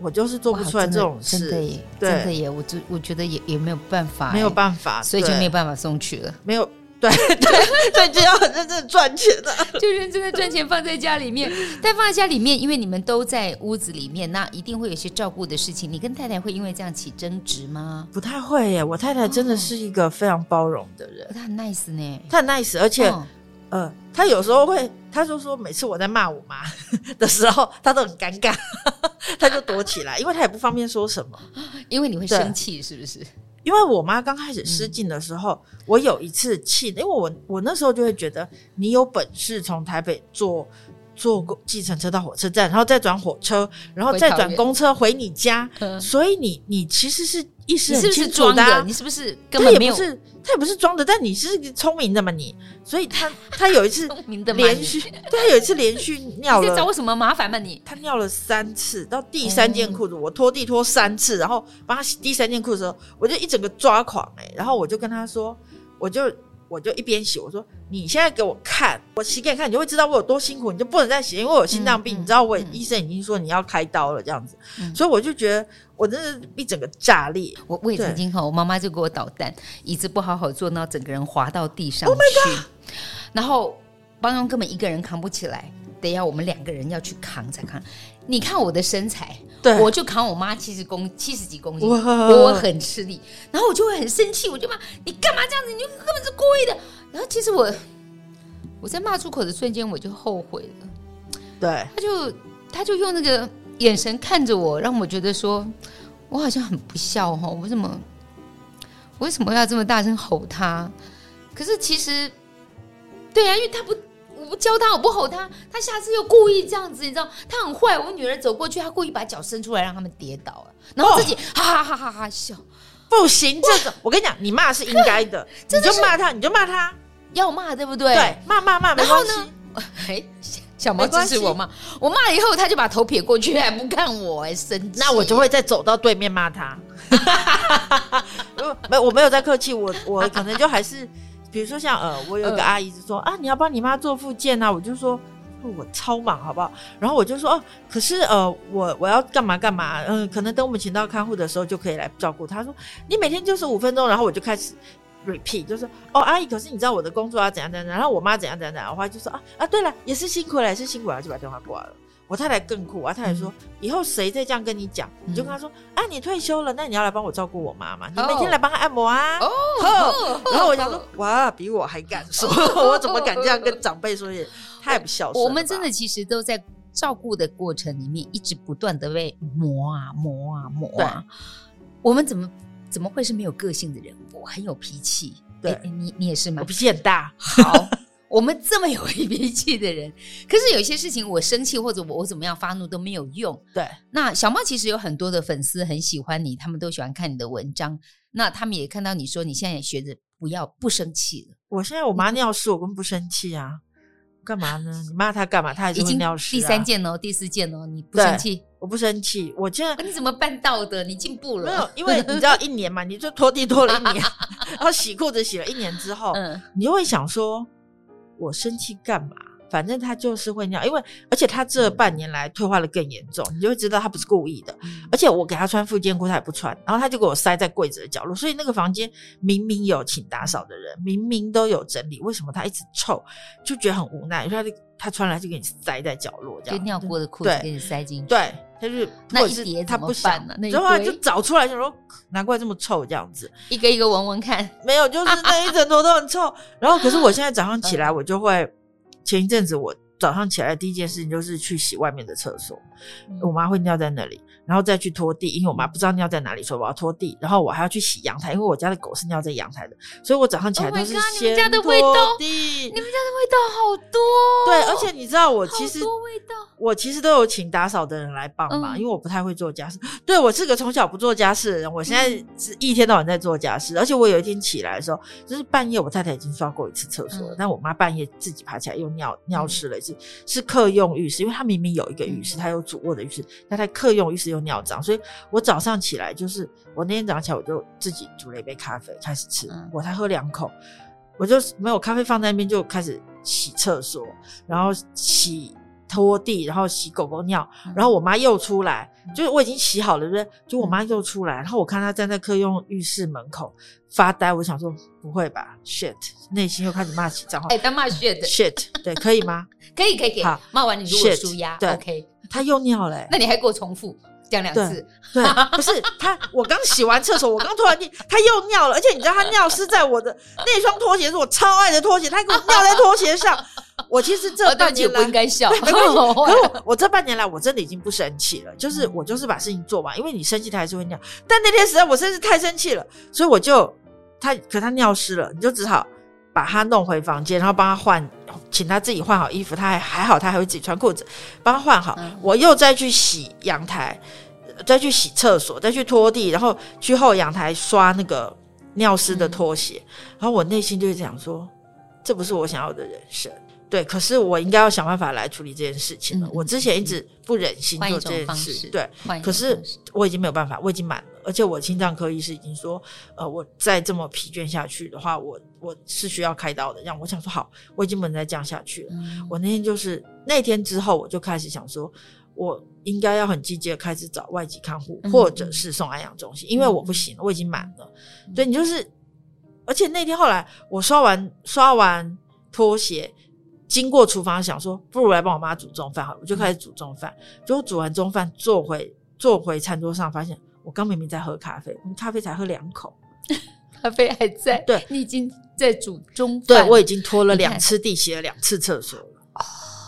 我就是做不出來這種事，真的耶，真的耶，我就我覺得也也沒有辦法，沒有辦法，所以就沒有辦法送去了。沒有，對對對，就要很認真賺錢了，就認真的賺錢，放在家裡面。但放在家裡面，因為你們都在屋子裡面，那一定會有一些照顧的事情。你跟太太會因為這樣起爭執嗎？不太會耶，我太太真的是一個非常包容的人，她很 nice 呢，她很 nice，而且。呃，他有時候會，他就說每次我在罵我媽的時候，他都很尷尬，他就躲起來，因為他也不方便說什麼。因為你會生氣是不是？因為我媽剛開始失禁的時候，嗯、我有一次氣，因為我我那時候就會覺得你有本事從台北做。坐過計程車到火車站，然後再轉火車，然後再轉公車回你家。呃、所以你你其實是意識很清楚的，啊、是是的，你是不是？他也不是，他也不是裝的。但你是聰明的嘛？你，所以他他有一次連續，對他有一次連續尿了，你在找我什麼麻煩嗎？你他尿了三次，到第三件褲子，我拖地拖三次，然後幫他洗第三件褲子的時候，我就一整個抓狂誒、欸，然後我就跟他說，我就。我就一邊洗，我說，你現在給我看，我洗給你看，你就會知道我有多辛苦，你就不能再洗，因為我有心臟病，嗯、你知道我，嗯、醫生已經說你要開刀了，這樣子，嗯、所以我就覺得我真的，一整個炸裂。我我也曾經哈，對我媽媽就給我搗蛋，椅子不好好坐，然後整個人滑到地上去。Oh my god! 然後幫傭根本一個人扛不起來，得要我們兩個人要去扛才扛。你看我的身材。對，我就扛我媽七十公七十幾公斤，哇我很吃力，然後我就會很生氣，我就罵，你幹嘛這樣子，你根本是故意的。然後其實我，我在罵出口的瞬間我就後悔了。對，他就他就用那個眼神看着我，讓我覺得說我好像很不孝哈，我怎麼，我為什麼要這麼大聲吼他？可是其實，對呀、啊，因為他不。我不教他，我不吼他，他下次又故意這樣子，你知道？他很壞。我女兒走過去，他故意把腳伸出來，讓他們跌倒了，然後自己、哦、哈哈哈哈笑。不行，哇這個我跟你講，你罵是應該的，的你就罵他，你就罵他，要罵對不對？對，罵罵罵，然後呢，嘿、哎，小貓支持我罵，我罵了以後，他就把他頭撇過去，還不看我，還生氣。那我就會再走到對面罵他。哈哈哈哈哈！沒有，我沒有在客氣，我我可能就還是。 比如說像呃，我有一個阿姨就說、呃、啊，你要幫你媽做復健啊，我就說、呃、我超忙好不好？然後我就說哦、啊，可是呃，我我要幹嘛幹嘛？嗯，可能等我們請到看護的時候就可以來照顧她。她說你每天就是五分鐘，然後我就開始 repeat，就是哦，阿姨，可是你知道我的工作要怎，怎樣怎樣？然後我媽怎樣怎樣的話，我就說啊啊，對了，也是辛苦了，也是辛苦了，就把電話掛了。我太太更酷，我太太說，嗯、以後誰再這樣跟你講，你就跟他說，嗯、啊，你退休了，那你要來幫我照顧我媽媽，你每天來幫她按摩啊。Oh. Oh. Oh. 然後我想說，哇，比我還敢說， 我怎麼敢這樣跟長輩說？也太不孝順。我們真的其實都在照顧的過程裡面，一直不斷的被磨啊磨啊磨啊。啊啊對我們怎麼怎麼會是沒有個性的人？我很有脾氣，對，欸、你你也是嗎？我脾氣很大，好。 我們這麼有脾氣的人，可是有一些事情，我生氣或者我我怎麼樣發怒都沒有用。對，那小貓其實有很多的粉絲很喜歡你，他們都喜歡看你的文章。那他們也看到你說你現在也學着不要不生氣了。我現在我媽尿濕，我根本不生氣啊，幹嘛呢？你罵她幹嘛？她、啊、已經尿濕。第三件哦，第四件哦，你不生氣，我不生氣，我這樣你怎麼辦到的？你進步了，沒有？因為你知道一年嘛， 你就拖地拖了一年， 然後洗褲子洗了一年之後，嗯、你就會想說。我生氣幹嘛？反正他就是會尿，因為而且他這半年來退化得更嚴重，你就會知道他不是故意的。而且我給他穿復健褲，他也不穿，然後他就給我塞在櫃子的角落。所以那個房間明明有請打掃的人，明明都有整理，為什麼他一直臭？就覺得很無奈。你說他他穿來就給你塞在角落，這樣子就尿過的褲子給你塞進去。對，他就那一疊，他不喜歡的那種。然後他就找出來，就說難怪這麼臭，這樣子一個一個聞聞看，沒有，就是那一整坨都很臭。 然後可是我現在早上起來，我就會。前一陣子，我早上起來第一件事情就是去洗外面的廁所。我媽會尿在那裡，然後再去拖地，因為我媽不知道尿在哪裡，所以我要拖地。然後我還要去洗陽台，因為我家的狗是尿在陽台的，所以我早上起來都是先拖地。你們家的味道，你們家的味道好多，對，而且你知道我其實我其實都有請打掃的人來幫忙，嗯、因為我不太會做家事。對我是個從小不做家事的人，我現在是一天到晚在做家事，而且我有一天起來的時候，就是半夜我太太已經刷過一次廁所了，嗯、但我媽半夜自己爬起來又尿尿濕了一次，嗯、是客用浴室，因為她明明有一個浴室，她又。主臥的浴室，那台客用浴室又尿漬，所以我早上起來就是我那天早上起來，我就自己煮了一杯咖啡，開始吃。我才喝兩口，我就沒有咖啡放在那邊，就開始洗廁所，然後洗拖地，然後洗狗狗尿，然後我媽又出來，就是我已經洗好了，對不對？就我媽又出來，然後我看她站在客用浴室門口發呆，我想說不會吧，shit，內心又開始罵起髒話，哎、欸，但罵 shit，shit，、嗯、對，可以嗎？可以，可以，可以，好，罵完你如果舒壓，shit，對，OK。他又尿了。欸，那你還給我重複講兩次？對，對，不是他，我剛洗完廁所，我剛拖完地，他又尿了。而且你知道，他尿濕在我的那雙拖鞋，是我超愛的拖鞋，他給我尿在拖鞋上。我其實這半年來、啊、不，不應該笑，對，沒關係，可是我，我這半年來我真的已經不生氣了，就是我就是把事情做完。因為你生氣，他還是會尿。但那天實在我真是太生氣了，所以我就他，可他尿濕了，你就只好。把他弄回房間，然後幫他換，請他自己換好衣服。他還還好，他還會自己穿褲子，幫他換好。啊、我又再去洗陽台、呃，再去洗廁所，再去拖地，然後去後陽台刷那個尿濕的拖鞋。嗯、然後我內心就是想說，這不是我想要的人生。對，可是我應該要想辦法來處理這件事情了。嗯、我之前一直不忍心做這件事，對，可是我已經沒有辦法，我已經滿了，而且我心臟科醫師已經說，呃，我再這麼疲倦下去的話，我。我是需要開刀的，這樣我想說好，我已經不能再這樣下去了。嗯、我那天就是那天之後，我就開始想說，我應該要很積極地開始找外籍看護，嗯、或者是送安養中心，因為我不行了，嗯、我已經滿了。所以、嗯、你就是，而且那天後來我刷完刷完拖鞋，經過廚房想說，不如來幫我媽煮中飯好了，我就開始煮中飯。嗯、結果煮完中飯坐回坐回餐桌上，發現我剛明明在喝咖啡，咖啡才喝兩口，咖啡還在。嗯、對你已經。在煮中飯，對，我已經拖了兩次地鞋，看洗了兩次廁所了，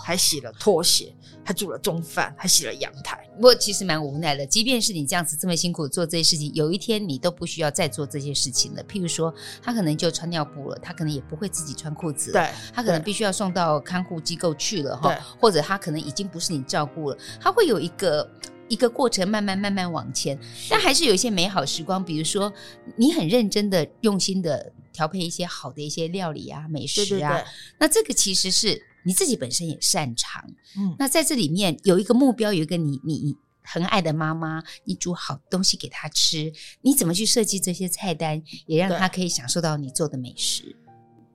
還洗了拖鞋，還煮了中飯，還洗了陽台。不過其實蠻無奈的，即便是你這樣子這麼辛苦做這些事情，有一天你都不需要再做這些事情了。譬如說，他可能就穿尿布了，他可能也不會自己穿褲子了，對，他可能必須要送到看護機構去了哈，對或者他可能已經不是你照顧了，他會有一個一個過程，慢慢慢慢往前。是但還是有一些美好時光，比如說你很認真的、用心的。調配一些好的一些料理啊，美食啊，對對對，那這個其實是你自己本身也擅長。嗯，那在這裡面有一個目標，有一個你你很愛的媽媽，你煮好東西給她吃，你怎麼去設計這些菜單，也讓她可以享受到你做的美食？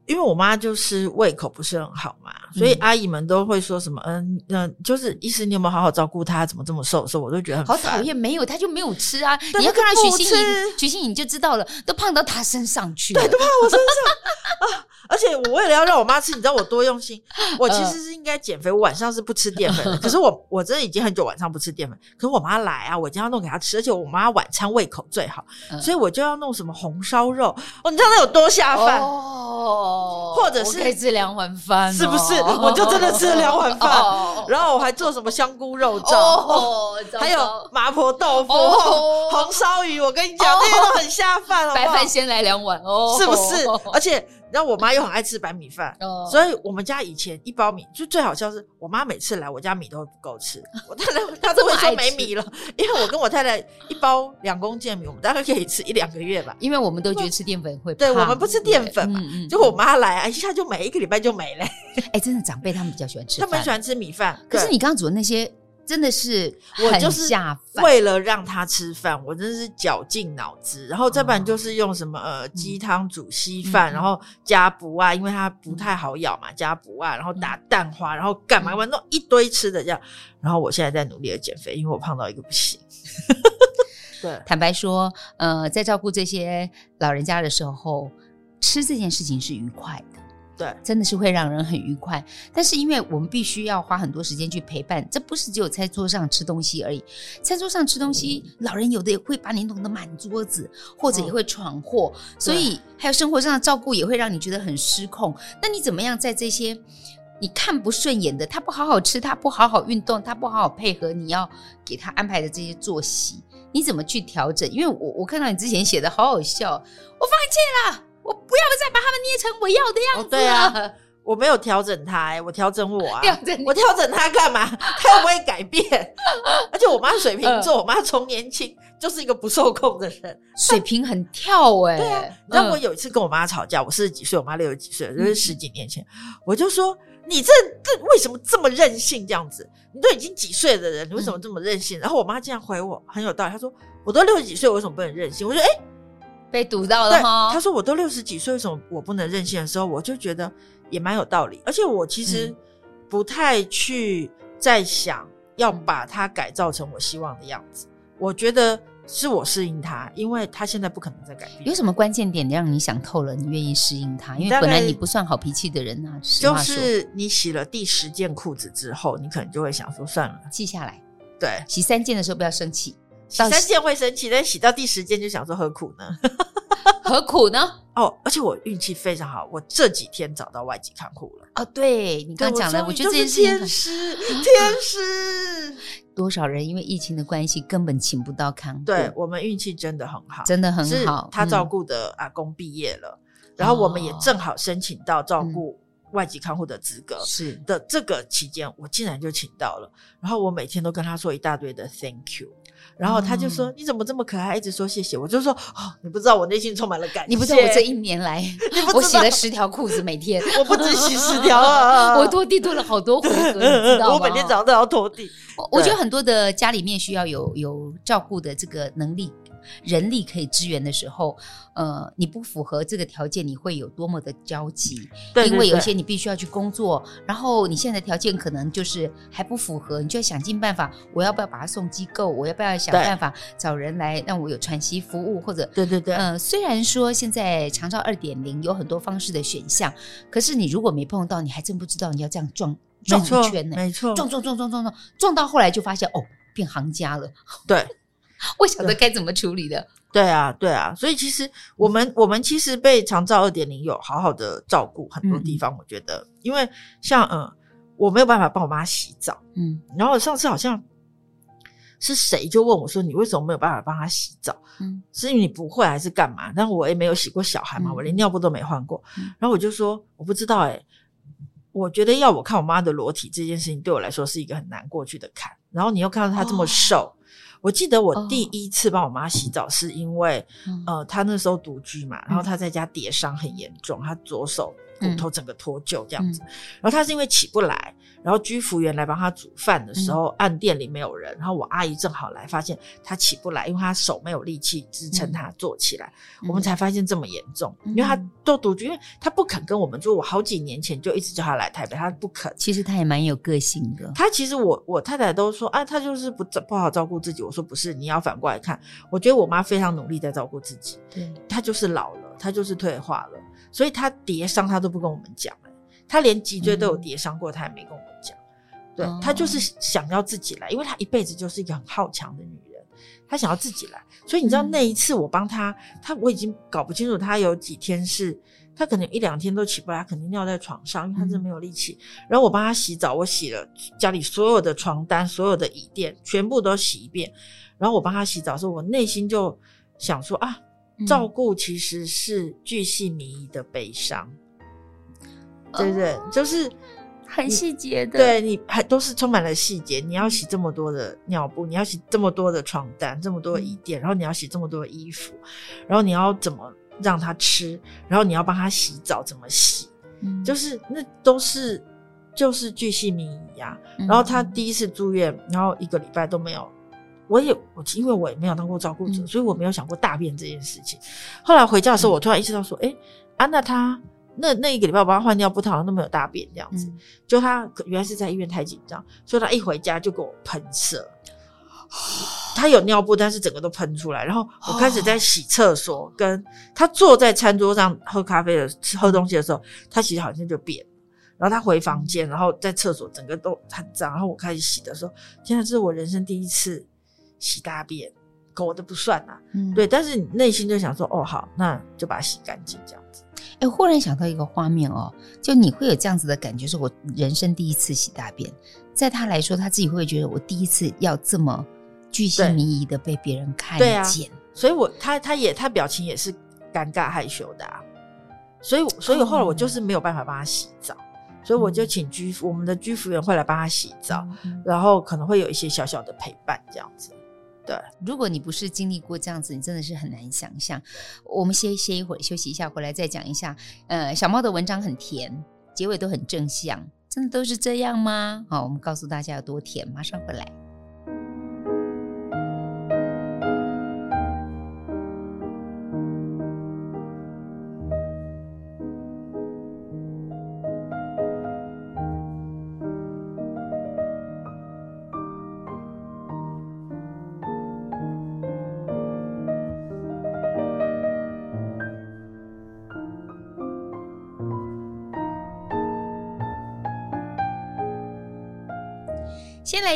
因為我媽就是胃口不是很好嘛，所以阿姨們都會說什麼，嗯嗯，就是意思你有沒有好好照顧她？怎麼這麼瘦？瘦，我都覺得很討厭，沒有，她就沒有吃啊。但你要看到瞿欣怡，瞿欣怡就知道了，都胖到她身上去了，對，都胖到我身上。 啊而且我為了要讓我媽吃，你知道我多用心。我其實是應該減肥，我晚上是不吃澱粉的。可是我我真的已經很久晚上不吃澱粉。可是我媽來啊，我就要弄給她吃。而且我媽晚餐胃口最好，所以我就要弄什麼紅燒肉哦，你知道那有多下飯？哦，或者是可以吃兩碗飯，是不是？我就真的吃了兩碗飯，然後我還做什麼香菇肉燥還有麻婆豆腐、紅燒魚。我跟你講，那些都很下飯哦。白飯先來兩碗哦，是不是？而且。但我媽又很愛吃白米飯，哦、所以我們家以前一包米就最好笑是，我媽每次來我家米都不夠吃，我太太她都會說沒米了，啊啊、因為我跟我太太一包兩公斤的米，我們大概可以吃一兩個月吧，因為我們都覺得吃澱粉會胖，對，我們不吃澱粉嘛，粉嘛嗯嗯、就我媽來啊一下就每一個禮拜就沒了，哎、欸，真的長輩他們比較喜歡吃，他們喜歡吃米飯，可是你剛剛煮的那些。真的是，我就是為了讓他吃飯，我真的是絞盡腦汁。然後再不然就是用什麼雞湯、嗯呃、煮稀飯，嗯、然後加補啊，因為他不太好咬嘛，加補啊，然後打蛋花，然後幹嘛幹嘛、嗯、弄一堆吃的這樣。然後我現在在努力的減肥，因為我胖到一個不行。 對，坦白說，呃，在照顧這些老人家的時候，吃這件事情是愉快。對，真的是會讓人很愉快，但是因為我們必須要花很多時間去陪伴，這不是只有餐桌上吃東西而已。餐桌上吃東西，嗯、老人有的也會把你弄得滿桌子，或者也會闖禍，哦、所以、啊、還有生活上的照顧也會讓你覺得很失控。那你怎麼樣在這些你看不順眼的，他不好好吃，他不好好運動，他不好好配合，你要給他安排的這些作息，你怎麼去調整？因為我我看到你之前寫的好好笑，我放棄了。我不要再把他們捏成我要的樣子了，哦。對啊，我沒有調整他、欸，哎，我調整我啊，調 整你 我調整他幹嘛？ 他又不會改變。 而且我媽水瓶座，呃、我媽從年輕就是一個不受控的人，水瓶很跳，哎、欸。對啊，你知道我有一次跟我媽吵架，我四十幾歲，我媽六十幾歲，就是十幾年前，嗯、我就說你這這為什麼這麼任性這樣子？你都已經幾歲的人，你為什麼這麼任性？嗯、然後我媽竟然回我很有道理，她說我都六十幾歲，我為什麼不能任性？我說：‘誒、欸、哎。被堵到了嗎？對他說：“我都六十幾歲，為什麼我不能任性的時候？”我就覺得也蠻有道理。而且我其實不太去再想要把它改造成我希望的樣子。我覺得是我適應他，因為他現在不可能再改變。有什麼關鍵點讓你想透了？你願意適應他？因為本來你不算好脾氣的人啊，就是你洗了第十件褲子之後，你可能就會想說：“算了，記下來。”對，洗三件的時候不要生氣。洗三件會生氣，但洗到第十件就想說，何苦呢？ 何苦呢？哦，而且我運氣非常好，我這幾天找到外籍看護了啊、哦！對你剛剛講，我剛剛講的，我覺得這是天使，天使、嗯。多少人因為疫情的關係根本請不到看護，對，對我們運氣真的很好，真的很好。是他照顧的阿公畢業了，嗯、然後我們也正好申請到照顧、哦。嗯外籍看護的資格是的，這個期間我竟然就請到了，然後我每天都跟他說一大堆的 thank you，然後他就說、嗯、你怎麼這麼可愛，一直說謝謝，我就說哦，你不知道我內心充滿了感激。你不知道我這一年來， 我洗了十條褲子，每天 我不止洗十條、啊， 我拖地拖了好多回合， 對你知道嗎我每天早上都要拖地。我覺得很多的家裡面需要有有照顧的這個能力。人力可以支援的時候，呃，你不符合這個條件，你會有多麼的焦急？對，對，對，因為有些你必須要去工作，然後你現在的條件可能就是還不符合，你就要想盡辦法。我要不要把他送機構？我要不要想辦法找人來讓我有喘息服務？或者對對對，嗯、呃，雖然說現在長照二點零有很多方式的選項，可是你如果沒碰到，你還真不知道你要這樣撞撞一圈呢。沒。沒錯，撞撞撞撞撞，撞到後來就發現哦，變行家了。對。我曉得該怎麼處理的對。對啊，對啊，所以其實我們是我們其實被長照二點零有好好的照顧很多地方，我覺得，嗯、因為像嗯、呃，我沒有辦法幫我媽洗澡，嗯，然後上次好像是誰就問我說，你為什麼沒有辦法幫她洗澡？嗯，是因為你不會還是幹嘛？但我也沒有洗過小孩嘛，嗯、我連尿布都沒換過，嗯、然後我就說我不知道、欸，誒，我覺得要我看我媽的裸體這件事情，對我來說是一個很難過去的坎。然後你又看到她這麼瘦。哦我記得我第一次幫我媽洗澡，是因為，哦、呃，她那時候獨居嘛，然後她在家跌傷很嚴重，嗯、她左手骨頭整個脫臼這樣子，嗯、然後她是因為起不來。然後居服員來幫他煮飯的時候，按、嗯、店裡沒有人，然後我阿姨正好來，發現他起不來，因為他手沒有力氣支撐他，嗯、坐起來，我們才發現這麼嚴重，嗯、因為他都獨居，因為他不肯跟我們住。就我好幾年前就一直叫他來台北，他不肯。其實他也蠻有個性的。他其實我我太太都說，啊，他就是不不好照顧自己。我說不是，你要反過來看，我覺得我媽非常努力在照顧自己。對，他就是老了，他就是退化了，所以他跌傷他都不跟我們講，他連脊椎都有跌傷過，他也沒跟我們。對，她就是想要自己來，因為她一輩子就是一個很好強的女人，她想要自己來。所以你知道那一次我幫她，她我已經搞不清楚她有幾天是，她可能一兩天都起不來，肯定尿在床上，因為她真的沒有力氣。嗯、然後我幫她洗澡，我洗了家裡所有的床單、所有的椅墊，全部都洗一遍。然後我幫她洗澡的時候，我內心就想說啊，照顧其實是鉅細靡遺的悲傷，嗯、對不對？嗯、就是。很細節的，你對你還都是充滿了細節。你要洗這麼多的尿布，你要洗這麼多的床單，這麼多的椅墊，然後你要洗這麼多的衣服，然後你要怎麼讓他吃，然後你要幫他洗澡怎麼洗，嗯、就是那都是就是巨細靡遺呀。嗯、然後他第一次住院，然後一個禮拜都沒有，我也我因為我也沒有當過照顧者，嗯、所以我沒有想過大便這件事情。後來回家的時候，嗯、我突然意識到說，哎，安、啊、娜他。那那一個禮拜，我幫他換尿布他好像都沒有大便這樣子，嗯、就他原來是在醫院太緊張，所以他一回家就給我噴射，他有尿布，但是整個都噴出來。然後我開始在洗廁所，跟他坐在餐桌上喝咖啡的喝東西的時候，他其實好像就變。然後他回房間，然後在廁所整個都很髒。然後我開始洗的時候，現在這是我人生第一次洗大便，狗都不算、啊、嗯，對，但是你內心就想說，哦，好，那就把它洗乾淨這樣。哎、欸，忽然想到一個畫面哦、喔，就你會有這樣子的感覺，是我人生第一次洗大便，在他來說，他自己會覺得我第一次要這麼鉅細靡遺的被別人看見。對對啊、所以我，我他他也他表情也是尷尬害羞的、啊，所以所以後來我就是沒有辦法幫他洗澡，嗯、所以我就請居我們的居服員會來幫他洗澡，嗯、然後可能會有一些小小的陪伴這樣子。對，如果你不是經歷過這樣子，你真的是很難想象。我們歇一歇一會兒，休息一下，回來再講一下。呃，小貓的文章很甜，結尾都很正向，真的都是這樣嗎？好，我們告訴大家有多甜，馬上回來。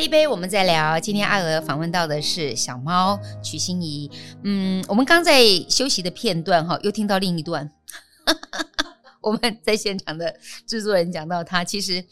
一杯，我們再聊。今天阿娥訪問到的是小貓瞿欣怡。嗯，我們剛在休息的片段哈，又聽到另一段。 我們在現場的制作人講到他。他其實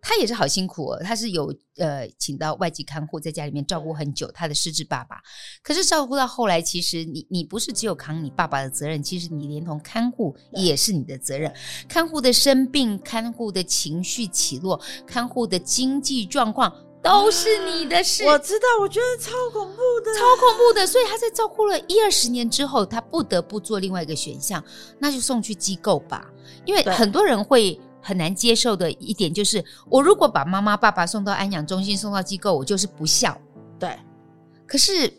他也是好辛苦哦。他是有呃，請到外籍看護在家裡面照顧很久他的失智爸爸。可是照顧到後來，其實你你不是只有扛你爸爸的責任，其實你連同看護也是你的責任。看護的生病，看護的情緒起落，看護的經濟狀況。都是你的事。嗯，我知道，我覺得超恐怖的，超恐怖的。所以他在照顧了一二十年之後，他不得不做另外一個選項，那就送去機構吧。因為很多人會很難接受的一點就是，我如果把媽媽、爸爸送到安養中心、送到機構，我就是不孝。對，可是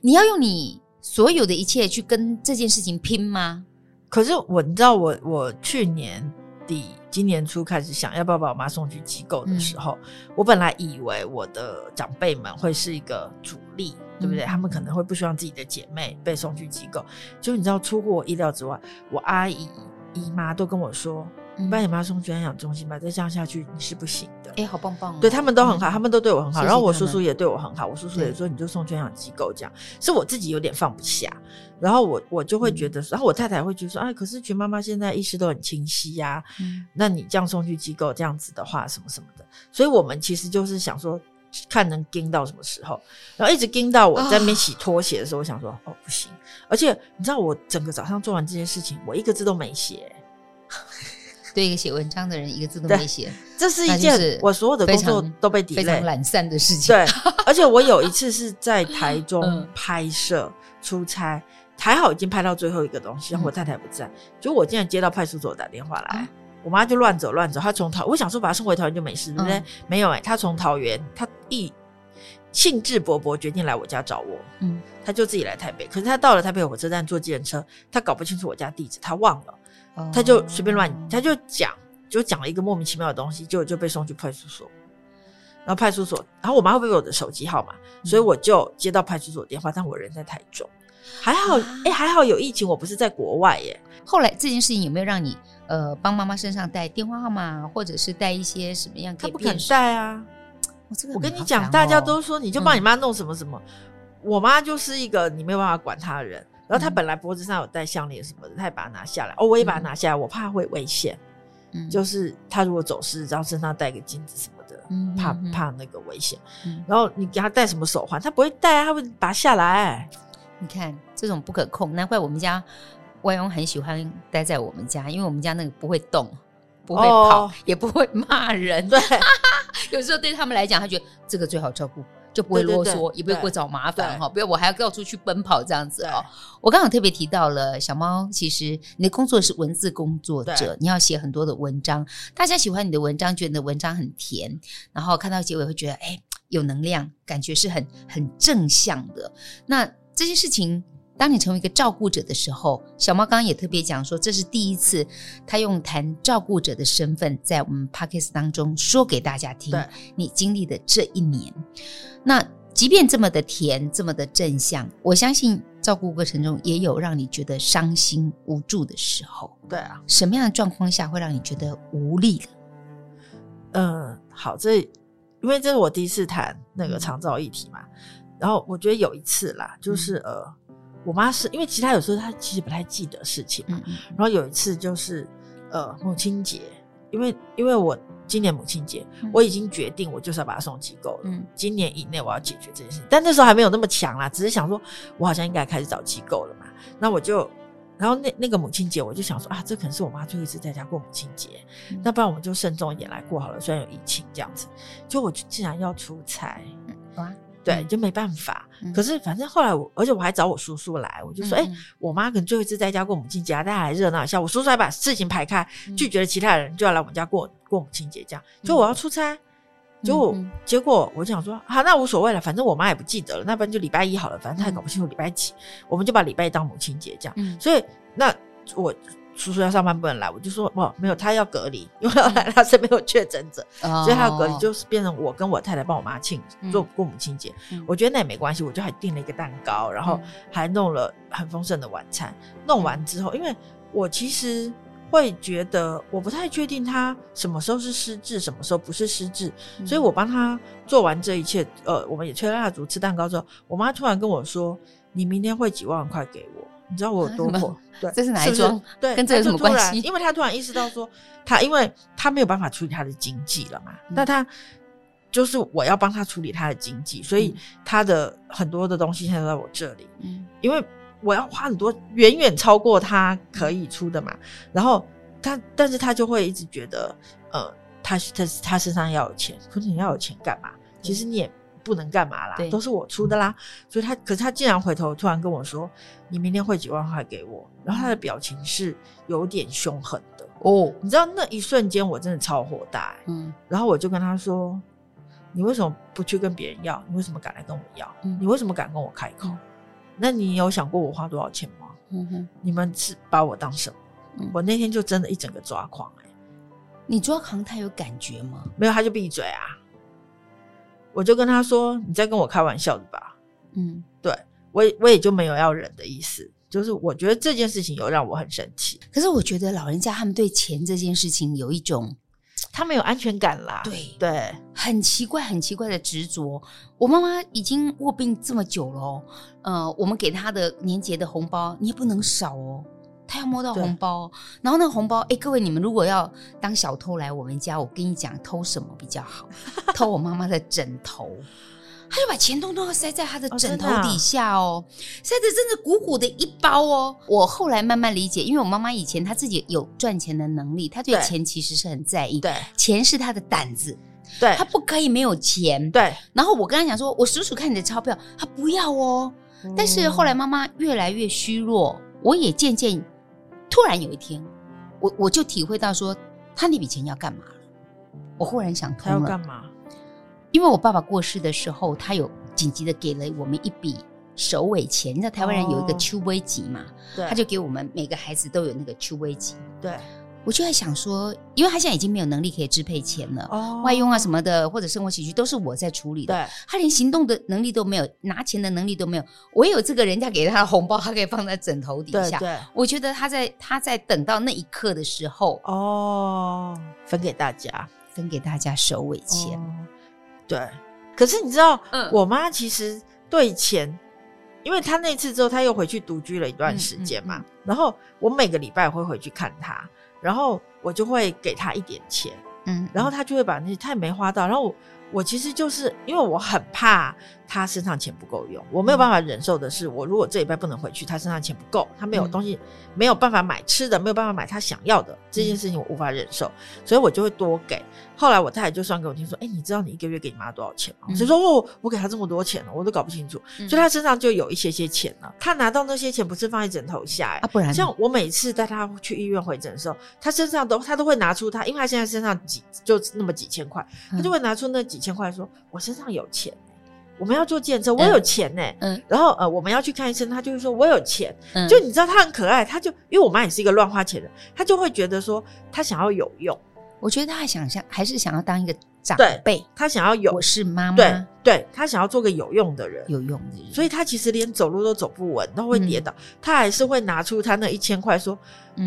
你要用你所有的一切去跟這件事情拼嗎？可是我，你知道我，我我去年。第今年初開始想要不要把我媽送去機構的時候，嗯、我本來以為我的長輩們會是一個主力，對不對？嗯、他們可能會不希望自己的姐妹被送去機構。就你知道出乎我意料之外，我阿姨、姨媽都跟我說：“嗯、你把你媽送去安養中心吧，再這樣下去你是不行的。”哎、欸，好棒棒、哦！對，他們都很好，他們都對我很好，嗯、然後我叔叔也對我很好，我叔叔也說：“你就送去安養機構。”這樣是我自己有點放不下。然後我我就會覺得，嗯、然後我太太會覺得說：“嗯、哎，可是瞿媽媽現在意識都很清晰呀？、啊，嗯、那你這樣送去機構這樣子的話，什麼什麼的。”所以我們其實就是想說，看能盯到什麼時候，然後一直盯到我在沒洗拖鞋的時候，哦、我想說：“哦，不行！”而且你知道，我整個早上做完這件事情，我一個字都沒寫。對一個寫文章的人，一個字都沒寫， 這是一件我所有的工作都被 delay、非常懶散的事情。對，而且我有一次是在台中拍攝、嗯、出差。還好已經拍到最後一個東西，嗯、我太太不在，就我竟然接到派出所打電話來，嗯、我媽就亂走亂走，她從桃，我想說把她送回桃園就沒事，對、嗯、不對？沒有哎、欸，她從桃園，她一興致勃勃決定來我家找我，嗯，她就自己來台北，可是她到了台北火車站坐計程車，她搞不清楚我家地址，她忘了，她就隨便亂，她就講就講了一個莫名其妙的東西，結果就被送去派出所，然後派出所，然後我媽會背我的手機號碼，所以我就接到派出所電話，但我人在台中。還好，哎，還好有疫情，我不是在國外耶。後來這件事情有沒有讓你呃幫媽媽身上帶電話號碼，或者是帶一些什麼樣？她不肯帶啊。我跟你講，大家都說你就幫你媽弄什麼什麼。我媽就是一個你沒有辦法管她的人。然後她本來脖子上有戴項鏈什麼的，她也把它拿下來。哦，我也把它拿下來，我怕會危險。嗯，就是她如果走失，然後身上帶個金子什麼的，怕怕那個危險。然後你給她戴什麼手環，她不會戴啊，她會拔下來。你看這種不可控，難怪我們家外傭很喜歡待在我們家，因為我們家那個不會動，不會跑，oh. 也不會罵人。對， 有時候對他們來講，他覺得這個最好照顧，就不會囉嗦，對對對，也不會，不會找麻煩哈、喔，不要我還要到處去奔跑這樣子啊對、喔。我剛好特別提到了小貓，其實你的工作是文字工作者，對你要寫很多的文章，大家喜歡你的文章，覺得你的文章很甜，然後看到結尾會覺得哎、欸、有能量，感覺是很很正向的那。這些事情，當你成為一個照顧者的時候，小貓剛剛也特別講說，這是第一次他用談照顧者的身份，在我們 podcast 當中說給大家聽，對你經歷的這一年。那即便這麼的甜，這麼的正向，我相信照顧過程中也有讓你覺得傷心無助的時候。對啊，什麼樣的狀況下會讓你覺得無力了？嗯，好，這因為這是我第一次談那個長照議題嘛。嗯然後我覺得有一次啦，就是呃，嗯、我媽是因為其他有時候她其實不太記得事情嘛。嗯、然後有一次就是呃母親節，因為因為我今年母親節、嗯、我已經決定我就是要把她送機構了。嗯、今年以內我要解決這件事情，但那時候還沒有那麼強啦，只是想說我好像應該開始找機構了嘛。那我就然後那那個母親節我就想說啊，這可能是我媽最後一次在家過母親節，那、嗯、不然我們就慎重一點來過好了。雖然有疫情這樣子，就我竟然要出差。嗯對，就沒辦法。嗯、可是反正後來我，我而且我還找我叔叔來，我就說，哎、嗯欸，我媽可能最後一次在家過母親節，大家來熱鬧一下。我叔叔還把事情排開，嗯、拒絕了其他人，就要來我們家過過母親節。這樣，就我要出差，就、嗯、結果我想說，好、嗯嗯啊，那無所謂了，反正我媽也不記得了，那不然就禮拜一好了，反正她也搞不清楚禮拜幾，我們就把禮拜一當母親節這樣。嗯、所以那我。叔叔要上班不能來，我就說哦，沒有，他要隔離，因為來他是沒有確診者，嗯、所以他要隔離，就是變成我跟我太太幫我媽慶、嗯、做過母親節，嗯、我覺得那也沒關係，我就還訂了一個蛋糕，然後還弄了很豐盛的晚餐。嗯、弄完之後，因為我其實會覺得我不太確定他什麼時候是失智，什麼時候不是失智，嗯、所以我幫他做完這一切。呃，我們也吹蠟燭吃蛋糕之後，我媽突然跟我說：“你明天匯幾萬塊給我。”你知道我有多麼對，這是哪一種對，跟這有什麼關係？因為他突然意識到說，他因為他沒有辦法處理他的經濟了嘛。那 他就是我要幫他處理他的經濟，所以他的很多的東西現在在我這裡，嗯、因為我要花很多遠遠超過他可以出的嘛。然後他，但是他就會一直覺得，呃，他他他身上要有錢，可是你要有錢幹嘛？其實你也。嗯不能幹嘛啦，對都是我出的啦，嗯、所以他，可是他竟然回頭突然跟我說：“你明天匯幾萬塊給我。”然後他的表情是有點兇狠的哦，你知道那一瞬間我真的超火大，欸，嗯，然後我就跟他說：“你為什麼不去跟別人要？你為什麼敢來跟我要？嗯、你為什麼敢跟我開口？嗯、那你有想過我花多少錢嗎？嗯、哼你們是把我當什麼？嗯、我那天就真的一整個抓狂哎，欸，你抓狂他有感覺嗎？沒有，他就閉嘴啊。”我就跟他說：“你在跟我開玩笑的吧？”嗯，對，我也我也就沒有要忍的意思，就是我覺得這件事情有讓我很生氣。可是我覺得老人家他們對錢這件事情有一種，他們有安全感啦，對對，對很奇怪很奇怪的執着。我媽媽已經臥病這麼久了哦，呃，我們給她的年節的紅包你也不能少哦。他要摸到紅包，對然後那個紅包，哎，各位你們如果要當小偷來我們家，我跟你講，偷什麼比較好？偷我媽媽的枕頭。 他就把錢通通塞在他的枕頭底下哦，哦、真的啊、塞得真的鼓鼓的一包哦。我後來慢慢理解，因為我媽媽以前她自己有賺錢的能力，她對錢其實是很在意，對，錢是她的膽子，對，她不可以沒有錢，對。然後我跟她講說，我數數看你的鈔票，她不要哦。嗯、但是後來媽媽越來越虛弱，我也漸漸。突然有一天，我我就體會到說，他那筆錢要幹嘛？我忽然想通了。他要幹嘛？因為我爸爸過世的時候，他有緊急的給了我們一筆手尾錢。你知道台灣人有一個秋杯集嘛？對，oh. 他就給我們每個孩子都有那個秋杯集。對。對我就在想說，因為他現在已經沒有能力可以支配錢了，oh, 外傭啊什麼的，或者生活起居都是我在處理的。對，他連行動的能力都沒有，拿錢的能力都沒有。我也有這個人家給他的紅包，他可以放在枕頭底下。對，對，我覺得他在他在等到那一刻的時候，哦，oh, 分給大家，分給大家手尾錢。Oh, 對，可是你知道，嗯、我媽其實對錢，因為她那次之後，她又回去獨居了一段時間嘛。嗯嗯嗯、然後我每個禮拜會回去看她。然後我就會給他一點錢，嗯，然後他就會把那些他也沒花到，然後我我其實就是因為我很怕他身上錢不夠用，我沒有辦法忍受的是，我如果這禮拜不能回去，他身上錢不夠，他沒有東西，嗯、沒有辦法買吃的，沒有辦法買他想要的，這件事情，我無法忍受，嗯、所以我就會多給。後來我太太就算給我聽說，誒、欸、你知道你一個月給你媽多少錢嗎？我、嗯、說哦，我給她這麼多錢，我都搞不清楚。嗯、所以她身上就有一些些錢了。她拿到那些錢不是放在枕頭下、欸、啊，不然像我每次帶她去醫院回診的時候，她身上都她都會拿出她，因為她現在身上幾就那麼幾千塊，她、嗯、就會拿出那幾千塊說：“我身上有錢，我們要做檢測，嗯、我有錢、欸、嗯，然後呃，我們要去看醫生，她就會說我有錢。嗯、就你知道她很可愛，她就因為我媽也是一個亂花錢的，她就會覺得說她想要有用。我覺得他還想象還是想要當一個。長輩，他想要有我是媽媽，對對，他想要做個有用的人，有用的人，所以他其實連走路都走不穩，都會跌倒。他還是會拿出他那一千塊說：“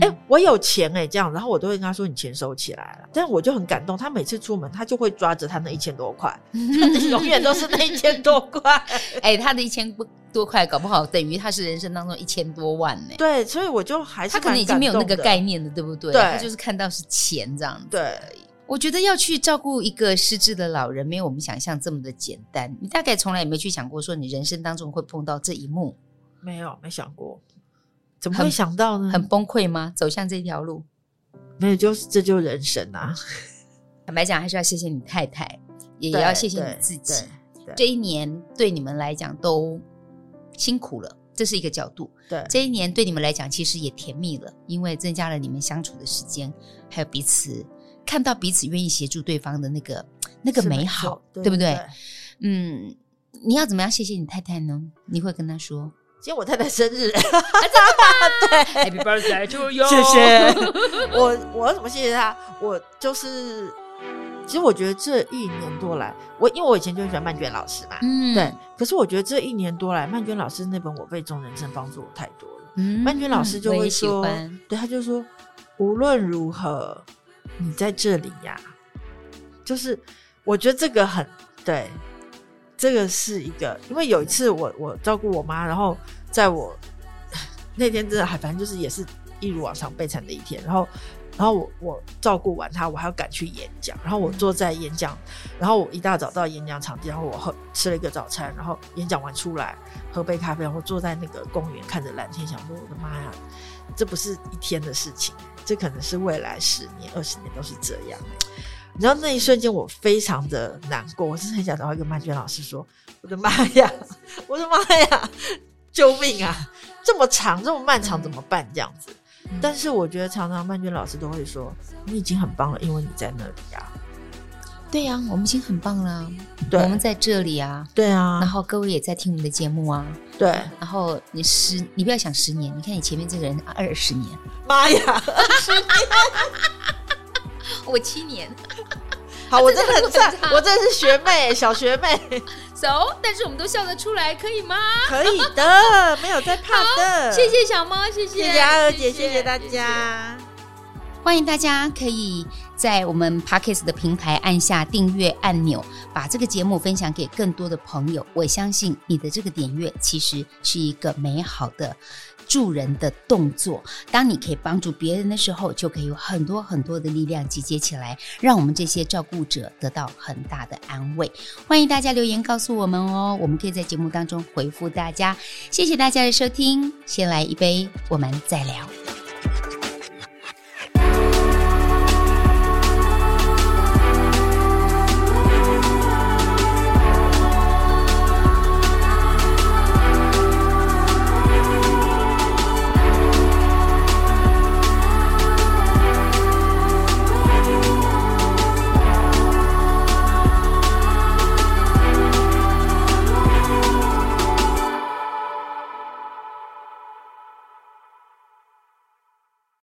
哎，我有錢哎。”這樣，然後我都會跟他說：“你錢收起來了。”但我就很感動，他每次出門，他就會抓着他那一千多塊，永遠都是那一千多塊。哎，他的一千多塊，搞不好等於他是人生當中一千多萬呢。對，所以我就還是他可能已經沒有那個概念了，對不對？他就是看到是錢這樣。對。我覺得要去照顧一個失智的老人，沒有我們想象這麼的簡單。你大概從來也沒去想過，說你人生當中會碰到這一幕，沒有，沒想過。怎麼會想到呢？很，很崩潰嗎？走向這條路？沒有，就是這就是人生啊 坦白講，還是要謝謝你太太，也，也要謝謝你自己。這一年對你們來講都辛苦了，這是一個角度。對，這一年對你們來講其實也甜蜜了，因為增加了你們相處的時間，還有彼此。看到彼此願意協助對方的那個那個美好，對,對不對？對嗯，你要怎麼樣謝謝你太太呢？你會跟他說，今天我太太生日，啊、 對，Happy Birthday to you。謝謝我，我怎麼謝謝他？我就是，其實我覺得這一年多來，我因為我以前就喜歡曼娟老師嘛，嗯，對。可是我覺得這一年多來，曼娟老師那本《我輩中人》幫助我太多了。嗯曼娟老師就會說，喜歡對，他就說，無論如何。你在這裡呀、啊,就是我覺得這個很對，這個是一個，因為有一次我我照顧我媽，然後在我那天真的還反正就是也是一如往常悲慘的一天，然後然後我我照顧完她，我還要趕去演講，然後我坐在演講，然後我一大早到演講場地，然後我喝吃了一個早餐，然後演講完出來喝杯咖啡，然後坐在那個公園看着藍天，想說我的媽呀，這不是一天的事情。這可能是未來十年、二十年都是這樣欸。你知道那一瞬間我非常的難過，我是很想找一個曼娟老師說：“我的媽呀，我的媽呀，救命啊！這麼長，這麼漫長，怎麼辦？這樣子。”嗯，但是我覺得常常曼娟老師都會說：“你已經很棒了，因為你在那裡啊。”對呀，我們已經很棒了。我們在這裡啊。對啊。然後各位也在聽我們的節目啊。對。然後你是，你不要想十年，你看你前面這個人二十年。媽呀！二十年。我七年。好，我真的很讚，我真的是學妹小學妹。走，但是我們都笑得出來，可以嗎？可以的，沒有在怕的。謝謝小貓，謝謝月娥姐，謝謝大家。歡迎大家可以在我們 Podcast 的平台按下訂閱按鈕，把這個節目分享給更多的朋友。我相信你的這個點閱，其實是一個美好的助人的動作。當你可以幫助別人的時候，就可以有很多很多的力量集結起來，讓我們這些照顧者得到很大的安慰。歡迎大家留言告訴我們哦，我們可以在節目當中回覆大家。謝謝大家的收聽，先來一杯，我們再聊。